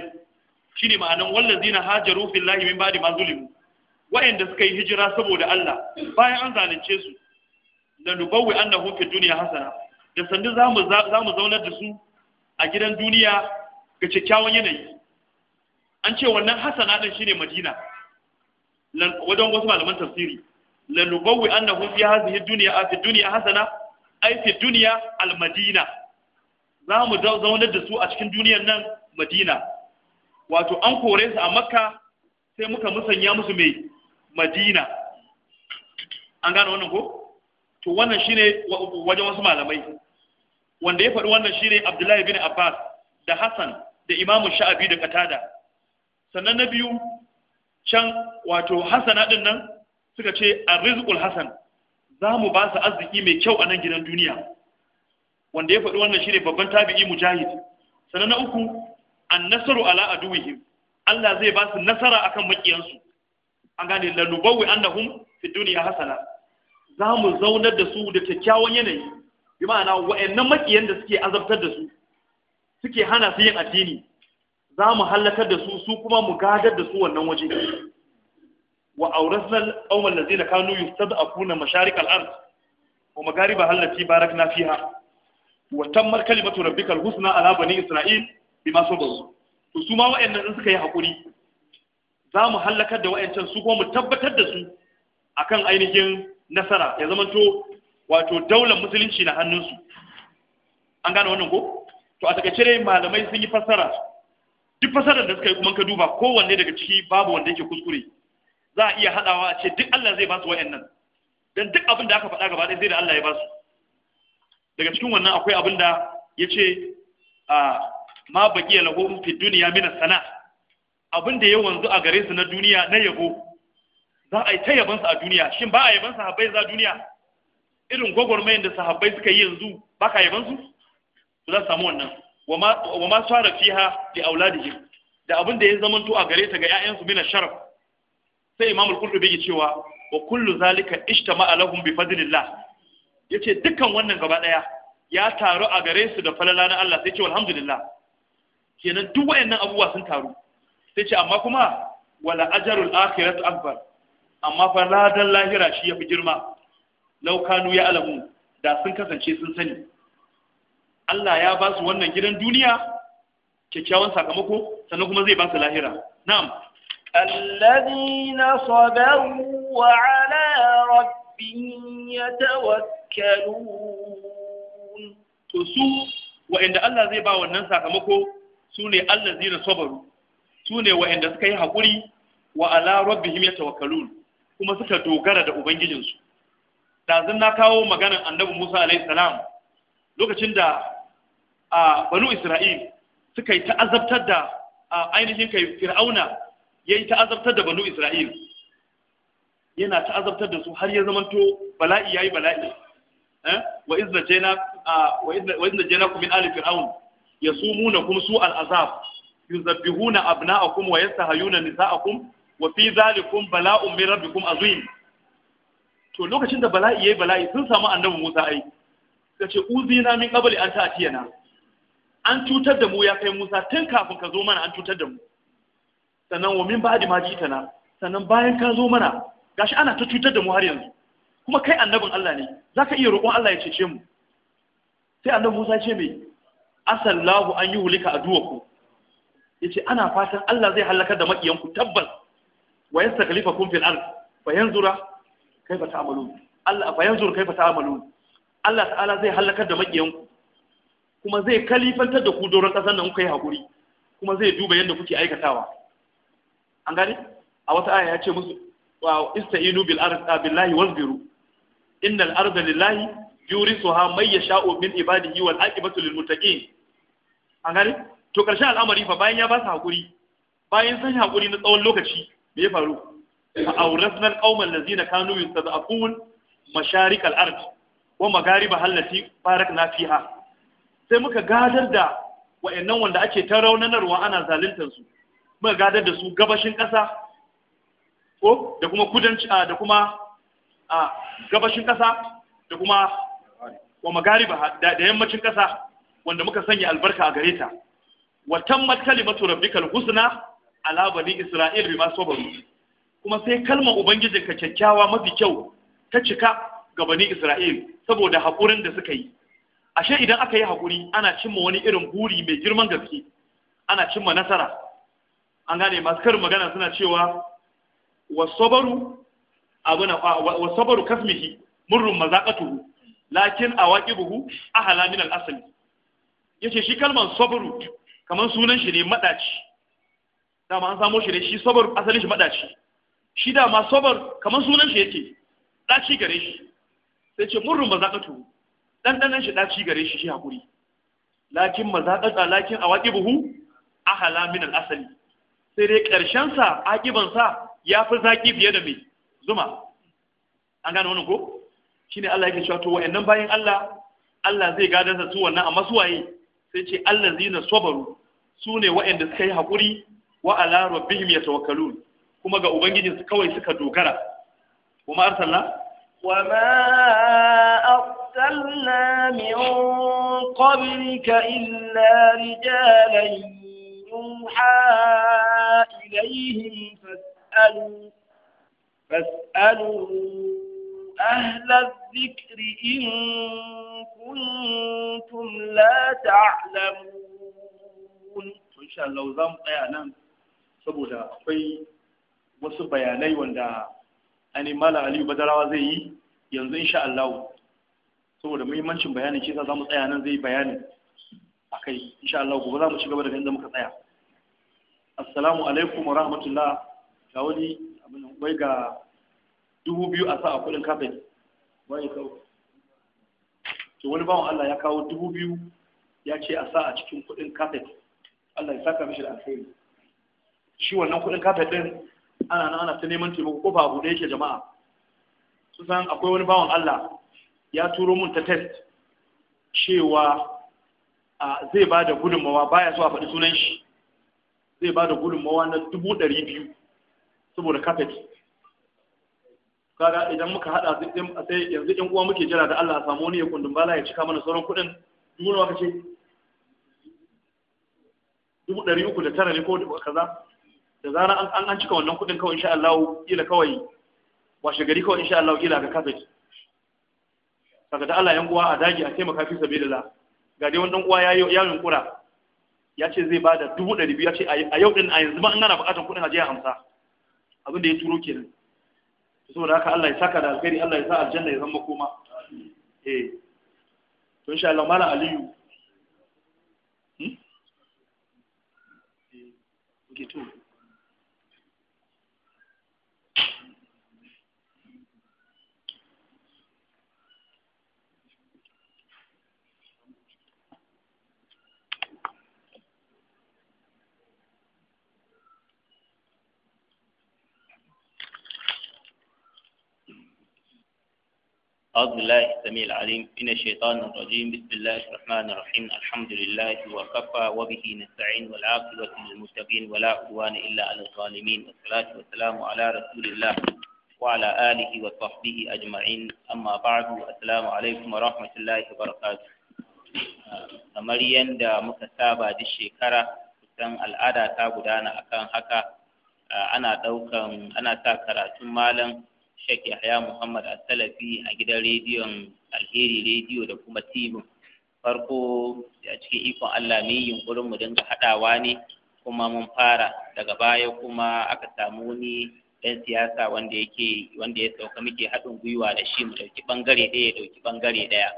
shine ma'anan wallazina hajaru fillahi min ba'di ma zulimu wa'anda suka yi hijira saboda Allah bayan an zalunce su da nubawwi annahum fi dunya hasana da sandu zamu zamu zaunar da su a gidan duniya ga kyakkyawan yanayi an ce wannan hasana din shine madina wajen wasu malaman tafsiri lanubawwi annahum fi hadhihi dunya fi dunya hasana ai fi dunya almadina za mu zaunar da su a cikin duniyar nan madina wato an kore su a makka sai muka musanya musu mai madina an gane wannan ko to wannan shine wajen wasu malamai wanda ya faɗi wannan shine abdullahi bin abbas da hassan da imamu sha'abi da katada sannan na biyu can wato hasana din nan suka ce arrizqul hasan za mu ba su arziki mai kyau a nan gidan duniya wanda ya faɗi wannan shine babban tabi'i mujahid sannan na uku an nasaru ala aduwihim Allah zai ba su nasara akan maƙiyansu. an gane lanubawwi annahum fi duniya hasana za mu zaunar da su da kyakkyawan yanayi bi ma'ana wa'annan maƙiyan da suke azabtar da su suke hana su yin addini za mu hallakar da su su kuma mu gadar da su wannan waje wa aurasnal qauman ladina kanu yustad'afuna masharik al-ard wa magariba allati barakna fiha wa tammar kalimatu rabbikal husna ala bani isra'il bima sabaru to su ma wayannan in suka yi hakuri za mu hallakar da wayancan su kuma mu tabbatar da su akan ainihin nasara ya zamanto wato daular musulunci na hannunsu an gane wannan ko to a takaice dai malamai sun yi fassara duk fassarar da suka yi kuma ka duba kowanne daga ciki babu wanda yake kuskure za a iya haɗawa a ce duk Allah zai ba su wayannan dan duk abin da aka faɗa gaba ɗaya sai da Allah ya ba su daga cikin wannan akwai abin da ya ce ma baqiya lahu fi dunya min sana abin da ya wanzu a gare su na duniya na yabo za a yi ta yaban su a duniya shin ba a yaban sahabbai za duniya irin gogormayin da sahabbai suka yi yanzu ba ka yaban su su za samu wannan wa ma fi ha li auladihim da abin da ya zamanta a gare ta ga 'ya'yansu mina sharaf sai imam al-qurtubi yake cewa wa kullu zalika ishtama'a lahum bi fadlillah yace dukkan wannan gaba daya ya taru a gare su da falala na Allah sai ce alhamdulillah kenan duk wayannan abubuwa sun taru sai ce amma kuma wala ajrul akhiratu akbar amma fa ladan lahira shi fi girma law kanu ya'lamu da sun kasance sun sani Allah ya ba su wannan gidan duniya kyakkyawan sakamako sannan kuma zai ba su lahira na'am alladhina sabaru wa ala rabbihim yatawakkalun to su wa'anda Allah zai ba wannan sakamako su ne allazina sabaru su ne wa'anda suka yi hakuri wa ala rabbihim yatawakkalun kuma suka dogara da ubangijinsu dazun na kawo maganar annabi Musa alaihi salam lokacin da a banu isra'il suka yi ta'azabtar da ainihin kai fir'auna ya yi ta'azabtar da banu isra'il yana ta'azabtar da su har ya zamanto bala'i ya yi bala'i eh? wa izna jena wa izna jena kuma ali fir'aun yasumuna kuma su al'azab yuzabbihuna abna'akum wa yastahayuna nisa'akum wa fi zalikun bala'un min kuma azuyin to lokacin da bala'i ya yi bala'i sun samu annabi Musa ai kace uzina min kabali an ta'tiyana an cutar da mu ya kai Musa tun kafin ka zo mana an cutar da mu sannan wa min ba'di ma tana, sannan bayan ka zo mana gashi ana ta cutar da mu har yanzu kuma kai annabin Allah ne zaka iya roƙon Allah ya cece mu sai annabi Musa ce me asallahu an yuhlika aduwaku yace ana fatan Allah zai halaka da makiyanku tabbas wa yastakhlifakum fil ard fa yanzura kaifa ta'malun Allah fa yanzur kaifa ta'malun Allah ta'ala zai halaka da makiyanku kuma zai kalifantar da ku doron ƙasar nan kuka yi haƙuri kuma zai duba yadda kuke aikatawa an gane a wata aya ya ce musu wa ista'inu bil ardi billahi wasbiru innal arda lillahi yurisuha may yasha'u min ibadihi wal aqibatu lil muttaqin an gane to karshen al'amari fa bayan ya ba su haƙuri bayan sun haƙuri na tsawon lokaci me ya faru fa awrasna al qauma allazina kanu yastad'afun masharikal al ard wa magharibaha allati barakna fiha sai muka gadar da wa'annan wanda ake ta raunanarwa ana zaluntar su muka gadar da su gabashin ƙasa ko da kuma kudanci da kuma a gabashin ƙasa da kuma wa magariba da yammacin ƙasa wanda muka sanya albarka a gare ta wa tammat kalimatu rabbikal husna ala bani isra'il bima sabaru kuma sai kalmar ubangijinka kyakkyawa mafi kyau ta cika ga bani isra'il saboda haƙurin da suka yi ashe idan aka yi haƙuri ana cimma wani irin buri mai girman gaske ana cimma nasara an gane masu karin magana suna cewa wasabaru abuna wasabaru kasmihi murrun mazaqatuhu lakin a waƙi buhu a halamin al'asali Ya ce shi kalmar sabaru kamar sunan shi ne madaci dama an samo shi ne shi sabaru asalin shi maɗaci. shi dama sabar kamar sunan shi yake ɗaci gare shi sai ce murrun mazaqatuhu ɗanɗanan shi ɗaci gare shi shi haƙuri lakin mazaƙaƙa lakin a waƙi buhu a halamin al'asali sai dai sa ƙarshensa sa ya fi zaƙi fiye da mai zuma an gane wani ko shi ne Allah yake cewa to wa'annan bayan Allah Allah zai gadar da su wannan amma su waye sai ce Allah zina sobaru su ne wa'anda suka yi haƙuri wa ala rabbihim yatawakkalun kuma ga ubangijinsu kawai suka dogara kuma arsalna وما أرسلنا من قبلك إلا رجالا يوحى إليهم فاسألوا فاسألوا أهل الذكر إن كنتم لا تعلمون إن شاء الله زم قيانا saboda akwai wasu bayanai wanda ainihin mala aliyu badarawa zai yi yanzu insha Allah saboda muhimmancin bayanin shi za mu tsaya nan zai bayanin akai insha Allah gobe za mu ci gaba da inda muka tsaya assalamu alaikum wa rahmatullah ga wani abin wai ga dubu biyu a sa a kudin kafin wani kawo to wani bawan Allah ya kawo dubu biyu ya ce a sa a cikin kudin kafet Allah ya saka mishi da alheri shi wannan kudin kafet din ana nan ana ta neman taimako kofa a buɗe yake jama'a su san akwai wani bawan Allah ya turo mun ta test cewa zai ba da gudunmawa baya so a faɗi sunan shi zai ba da gudunmawa na dubu ɗari biyu saboda kafet kaga idan muka hada sai yanzu ɗin uwa muke jira da Allah a samu wani ya kundin bala ya cika mana sauran kuɗin dubu nawa kace dubu ɗari uku da tara ne ko kaza da zarar an an cika wannan kuɗin kawai insha Allah kila kawai washe gari kawai insha Allah kila ga kafet kaga da Allah yan uwa a dage a taimaka fi sabilillah ga dai wannan uwa yayi ya yunkura ya ce zai bada dubu ɗari biyu ya ce a yau din a yanzu ba an gana buƙatar kuɗin ajiya hamsa abin da ya turo kenan saboda haka Allah ya saka da alkhairi Allah ya sa aljanna ya zama koma eh to insha Allah mala aliyu hmm? Eh, ke to أعوذ بالله السميع العليم من الشيطان الرجيم بسم الله الرحمن الرحيم الحمد لله وكفى وبه نستعين والعاقبة للمتقين ولا عدوان إلا على الظالمين والصلاة والسلام على رسول الله وعلى آله وصحبه أجمعين أما بعد السلام عليكم ورحمة الله وبركاته kamar yadda muka saba duk shekara kusan al'ada ta gudana akan haka ana ɗaukan ana sa karatun malam shek Yahya Muhammad Asalafi a gidan rediyon Alheri Rediyo da kuma TV. Farko a cikin ikon Allah ne yunkurin mu dinga haɗawa ne kuma mun fara daga baya kuma aka samu wani ɗan siyasa wanda yake wanda ya sauka muke haɗin gwiwa da shi mu ɗauki ɓangare ɗaya ya ɗauki ɓangare ɗaya.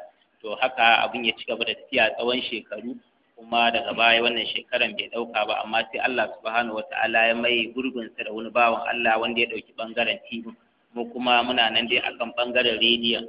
To haka abin ya ci gaba da tafiya tsawon shekaru kuma daga baya wannan shekaran bai ɗauka ba amma sai Allah subhanahu Ta'ala ya mai gurbinsa da wani bawan Allah wanda ya ɗauki ɓangaren tibin mu kuma muna nan dai akan bangaren rediyon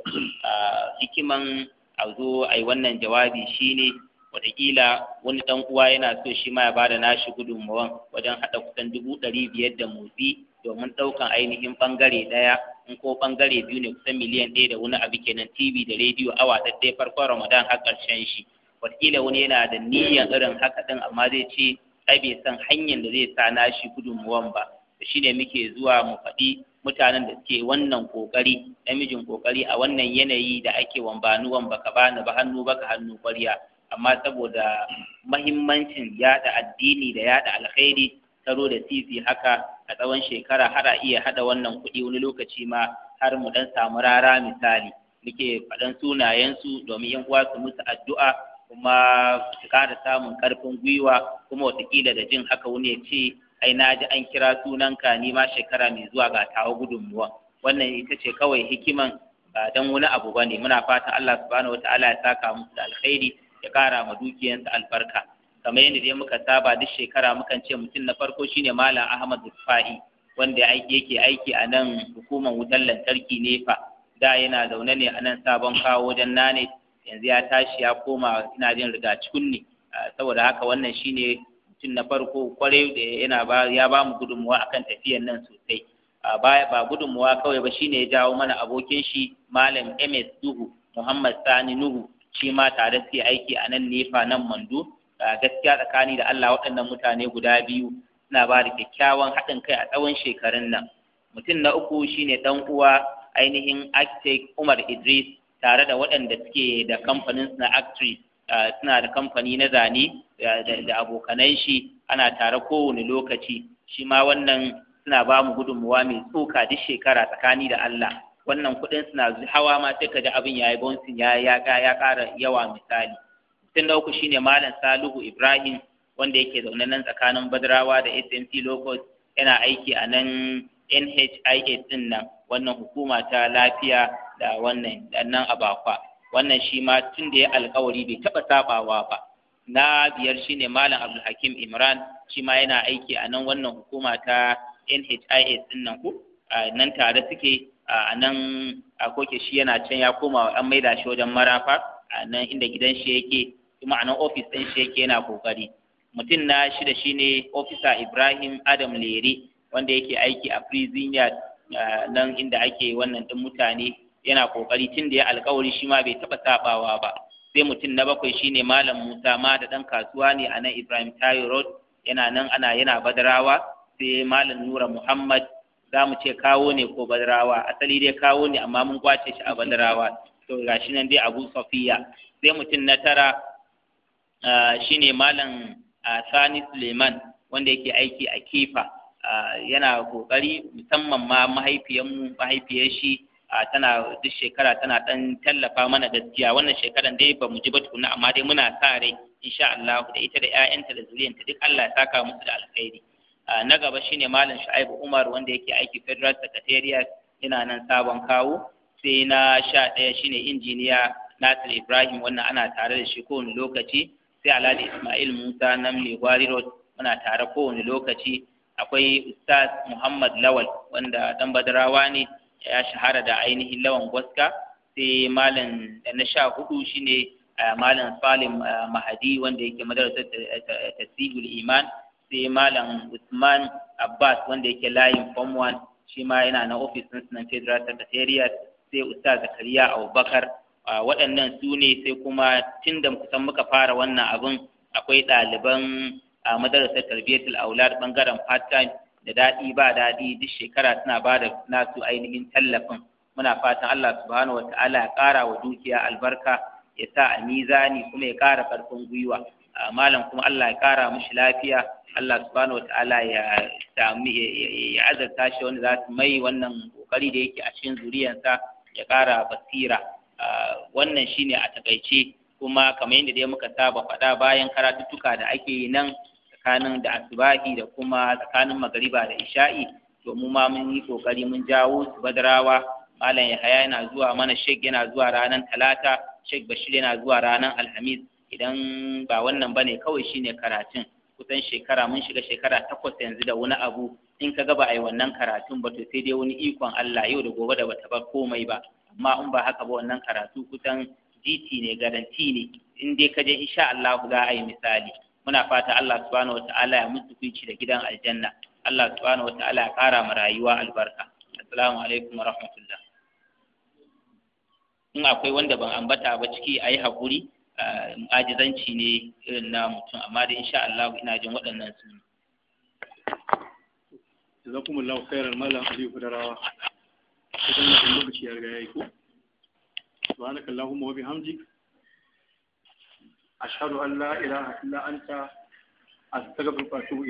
hikiman a zo a yi wannan jawabi shine watakila wani dan uwa yana so shi ma ya bada nashi gudunmawan wajen haɗa kusan dubu ɗari biyar da motsi domin ɗaukan ainihin ɓangare ɗaya in ko ɓangare biyu ne kusan miliyan ɗaya da wani abu kenan tv da rediyo awa ɗaya farkon ramadan har ƙarshen shi watakila wani yana da niyyar irin haka ɗin amma zai ce ai bai san hanyar da zai sa nashi gudunmawan ba shi ne muke zuwa mu faɗi mutanen da suke wannan kokari namijin kokari a wannan yanayi da ake wambanu wamba ka bani ba hannu baka hannu kwarya amma saboda mahimmancin yada addini da yada alkhairi taro da sisi haka a tsawon shekara har a iya hada wannan kuɗi wani lokaci ma har mu dan samu rara misali muke faɗan sunayensu domin yan uwa su musu addu'a kuma su samun karfin gwiwa kuma watakila da jin haka wani ya ce ai na ji an kira sunan ni ma shekara mai zuwa ga tawo gudunmuwa wannan ita ce kawai hikiman ba dan wani abu ba ne muna fatan Allah subhanahu ta'ala ya saka musu da alkhairi ya kara ma dukiyansu albarka kamar yadda dai muka saba duk shekara mukan ce mutum na farko shine malam Ahmad Rufai wanda yake aiki a nan hukumar wutar lantarki nefa da yana zaune ne a nan sabon kawo wajen nane yanzu ya tashi ya koma ina jin rigacikun ne saboda haka wannan shine mutum na farko kwarai da yana ba ya ba mu gudunmuwa akan tafiyan nan sosai a baya ba gudunmuwa kawai ba shine ya jawo mana abokin shi malam MS Duhu Muhammad Sani Nuhu shi ma tare su aiki a nan nefa nan mandu gaskiya tsakani da Allah waɗannan mutane guda biyu suna ba da kyakkyawan haɗin kai a tsawon shekarun nan mutum na uku shine dan uwa ainihin architect Umar Idris tare da waɗanda suke da kamfanin na actress suna da kamfani na zane da abokanan shi ana tare kowane lokaci shi ma wannan suna ba mu gudunmuwa mai tsoka duk shekara tsakani da Allah wannan kuɗin suna hawa ma sai ka ji abin ya yi bonsin ya ya ya ƙara yawa misali tun uku shine malam Salihu Ibrahim wanda yake zaune nan tsakanin Badarawa da SMT Locust yana aiki a nan NHIA din nan wannan hukuma ta lafiya da wannan nan abakwa wannan shi ma tun da ya alkawari bai taɓa sabawa ba na biyar shi ne malam abdulhakim imran shi ma yana aiki a nan wannan hukuma ta nhis din nan ku nan tare suke a nan a koke shi yana can ya koma an maida shi wajen marafa a nan inda gidan shi yake kuma a nan ofis ɗin shi yake yana kokari mutum na shida shi ne ofisa ibrahim adam lere wanda yake aiki a prison yard nan inda ake wannan ɗin mutane yana kokari tun da ya alkawari shi ma bai taba sabawa ba sai mutum na bakwai shine malam Musa ma da dan kasuwa ne a nan Ibrahim Tayo Road yana nan ana yana badarawa sai malam Nura Muhammad za mu ce kawo ne ko badarawa asali dai kawo ne amma mun kwace shi a badarawa to gashi nan dai Abu Safiya sai mutum na tara shine malam Sani Suleiman wanda yake aiki a Kifa yana kokari musamman ma mahaifiyanmu mahaifiyar shi a tana duk shekara tana dan tallafa mana gaskiya wannan shekaran dai ba mu ji ba tukuna amma dai muna sa rai insha Allah da ita da ƴaƴanta da zuriyanta duk Allah ya saka musu da alkhairi na gaba shine malam Shu'aibu Umar wanda yake aiki Federal Secretariat Ina nan sabon kawo sai na sha ɗaya shine injiniya Nasir Ibrahim wannan ana tare da shi kowane lokaci sai Alhaji Ismail Musa na Gwari Road muna tare kowane lokaci akwai Ustaz Muhammad Lawal wanda dan Badarawa ne ya shahara da ainihin lawan gwaska sai malam na sha hudu shine eh, malam salim eh, mahadi wanda yake madarasar eh, tasihul iman sai malam usman abbas wanda yake layin form shi ma yana na ofis ɗin sunan federal secretariat sai usta zakariya abubakar waɗannan su ne sai kuma tun da kusan muka fara wannan abin akwai ɗaliban madarasar tarbiyyatul aulad bangaren part time da daɗi ba daɗi duk shekara suna ba da nasu ainihin tallafin muna fatan Allah subhanahu ta'ala ya ƙara wa dukiya albarka ya sa a mizani kuma ya ƙara ƙarfin gwiwa malam kuma Allah ya ƙara mishi lafiya Allah subhanahu ta'ala ya sami ya azarta shi wanda za su mai wannan ƙoƙari da yake a cikin zuriyarsa ya ƙara basira wannan shine a takaice kuma kamar yadda dai muka saba faɗa bayan karatuttuka da ake yi nan tsakanin da asubahi da kuma tsakanin magariba da isha'i to ma mun yi kokari mun jawo su badarawa malam yahaya yana zuwa mana shek yana zuwa ranar talata shek bashir yana zuwa ranar alhamis idan ba wannan bane kawai shine karatun kusan shekara mun shiga shekara takwas yanzu da wani abu in ka gaba a yi wannan karatun ba to sai dai wani ikon Allah yau da gobe da bata bar komai ba amma in ba haka ba wannan karatu kusan titi ne garanti ne in dai ka je insha Allah za a yi misali muna fata Allah subhanahu wataala ya mutu kuici da gidan aljanna Allah subhanahu wataala ya kara mu rayuwa albarka assalamu alaikum wa rahmatullah in akwai wanda ban ambata ba ciki ayi hakuri ah, ajizanci ne irin na mutum amma da insha Allah ina jin waɗannan su ne jazakumullahu khairan malam aliyu kudarawa idan na lokaci ya riga yayi ko subhanakallahumma wa bihamdika ashhadu Allah, la ilaha illa anta astaghfiruka wa atubu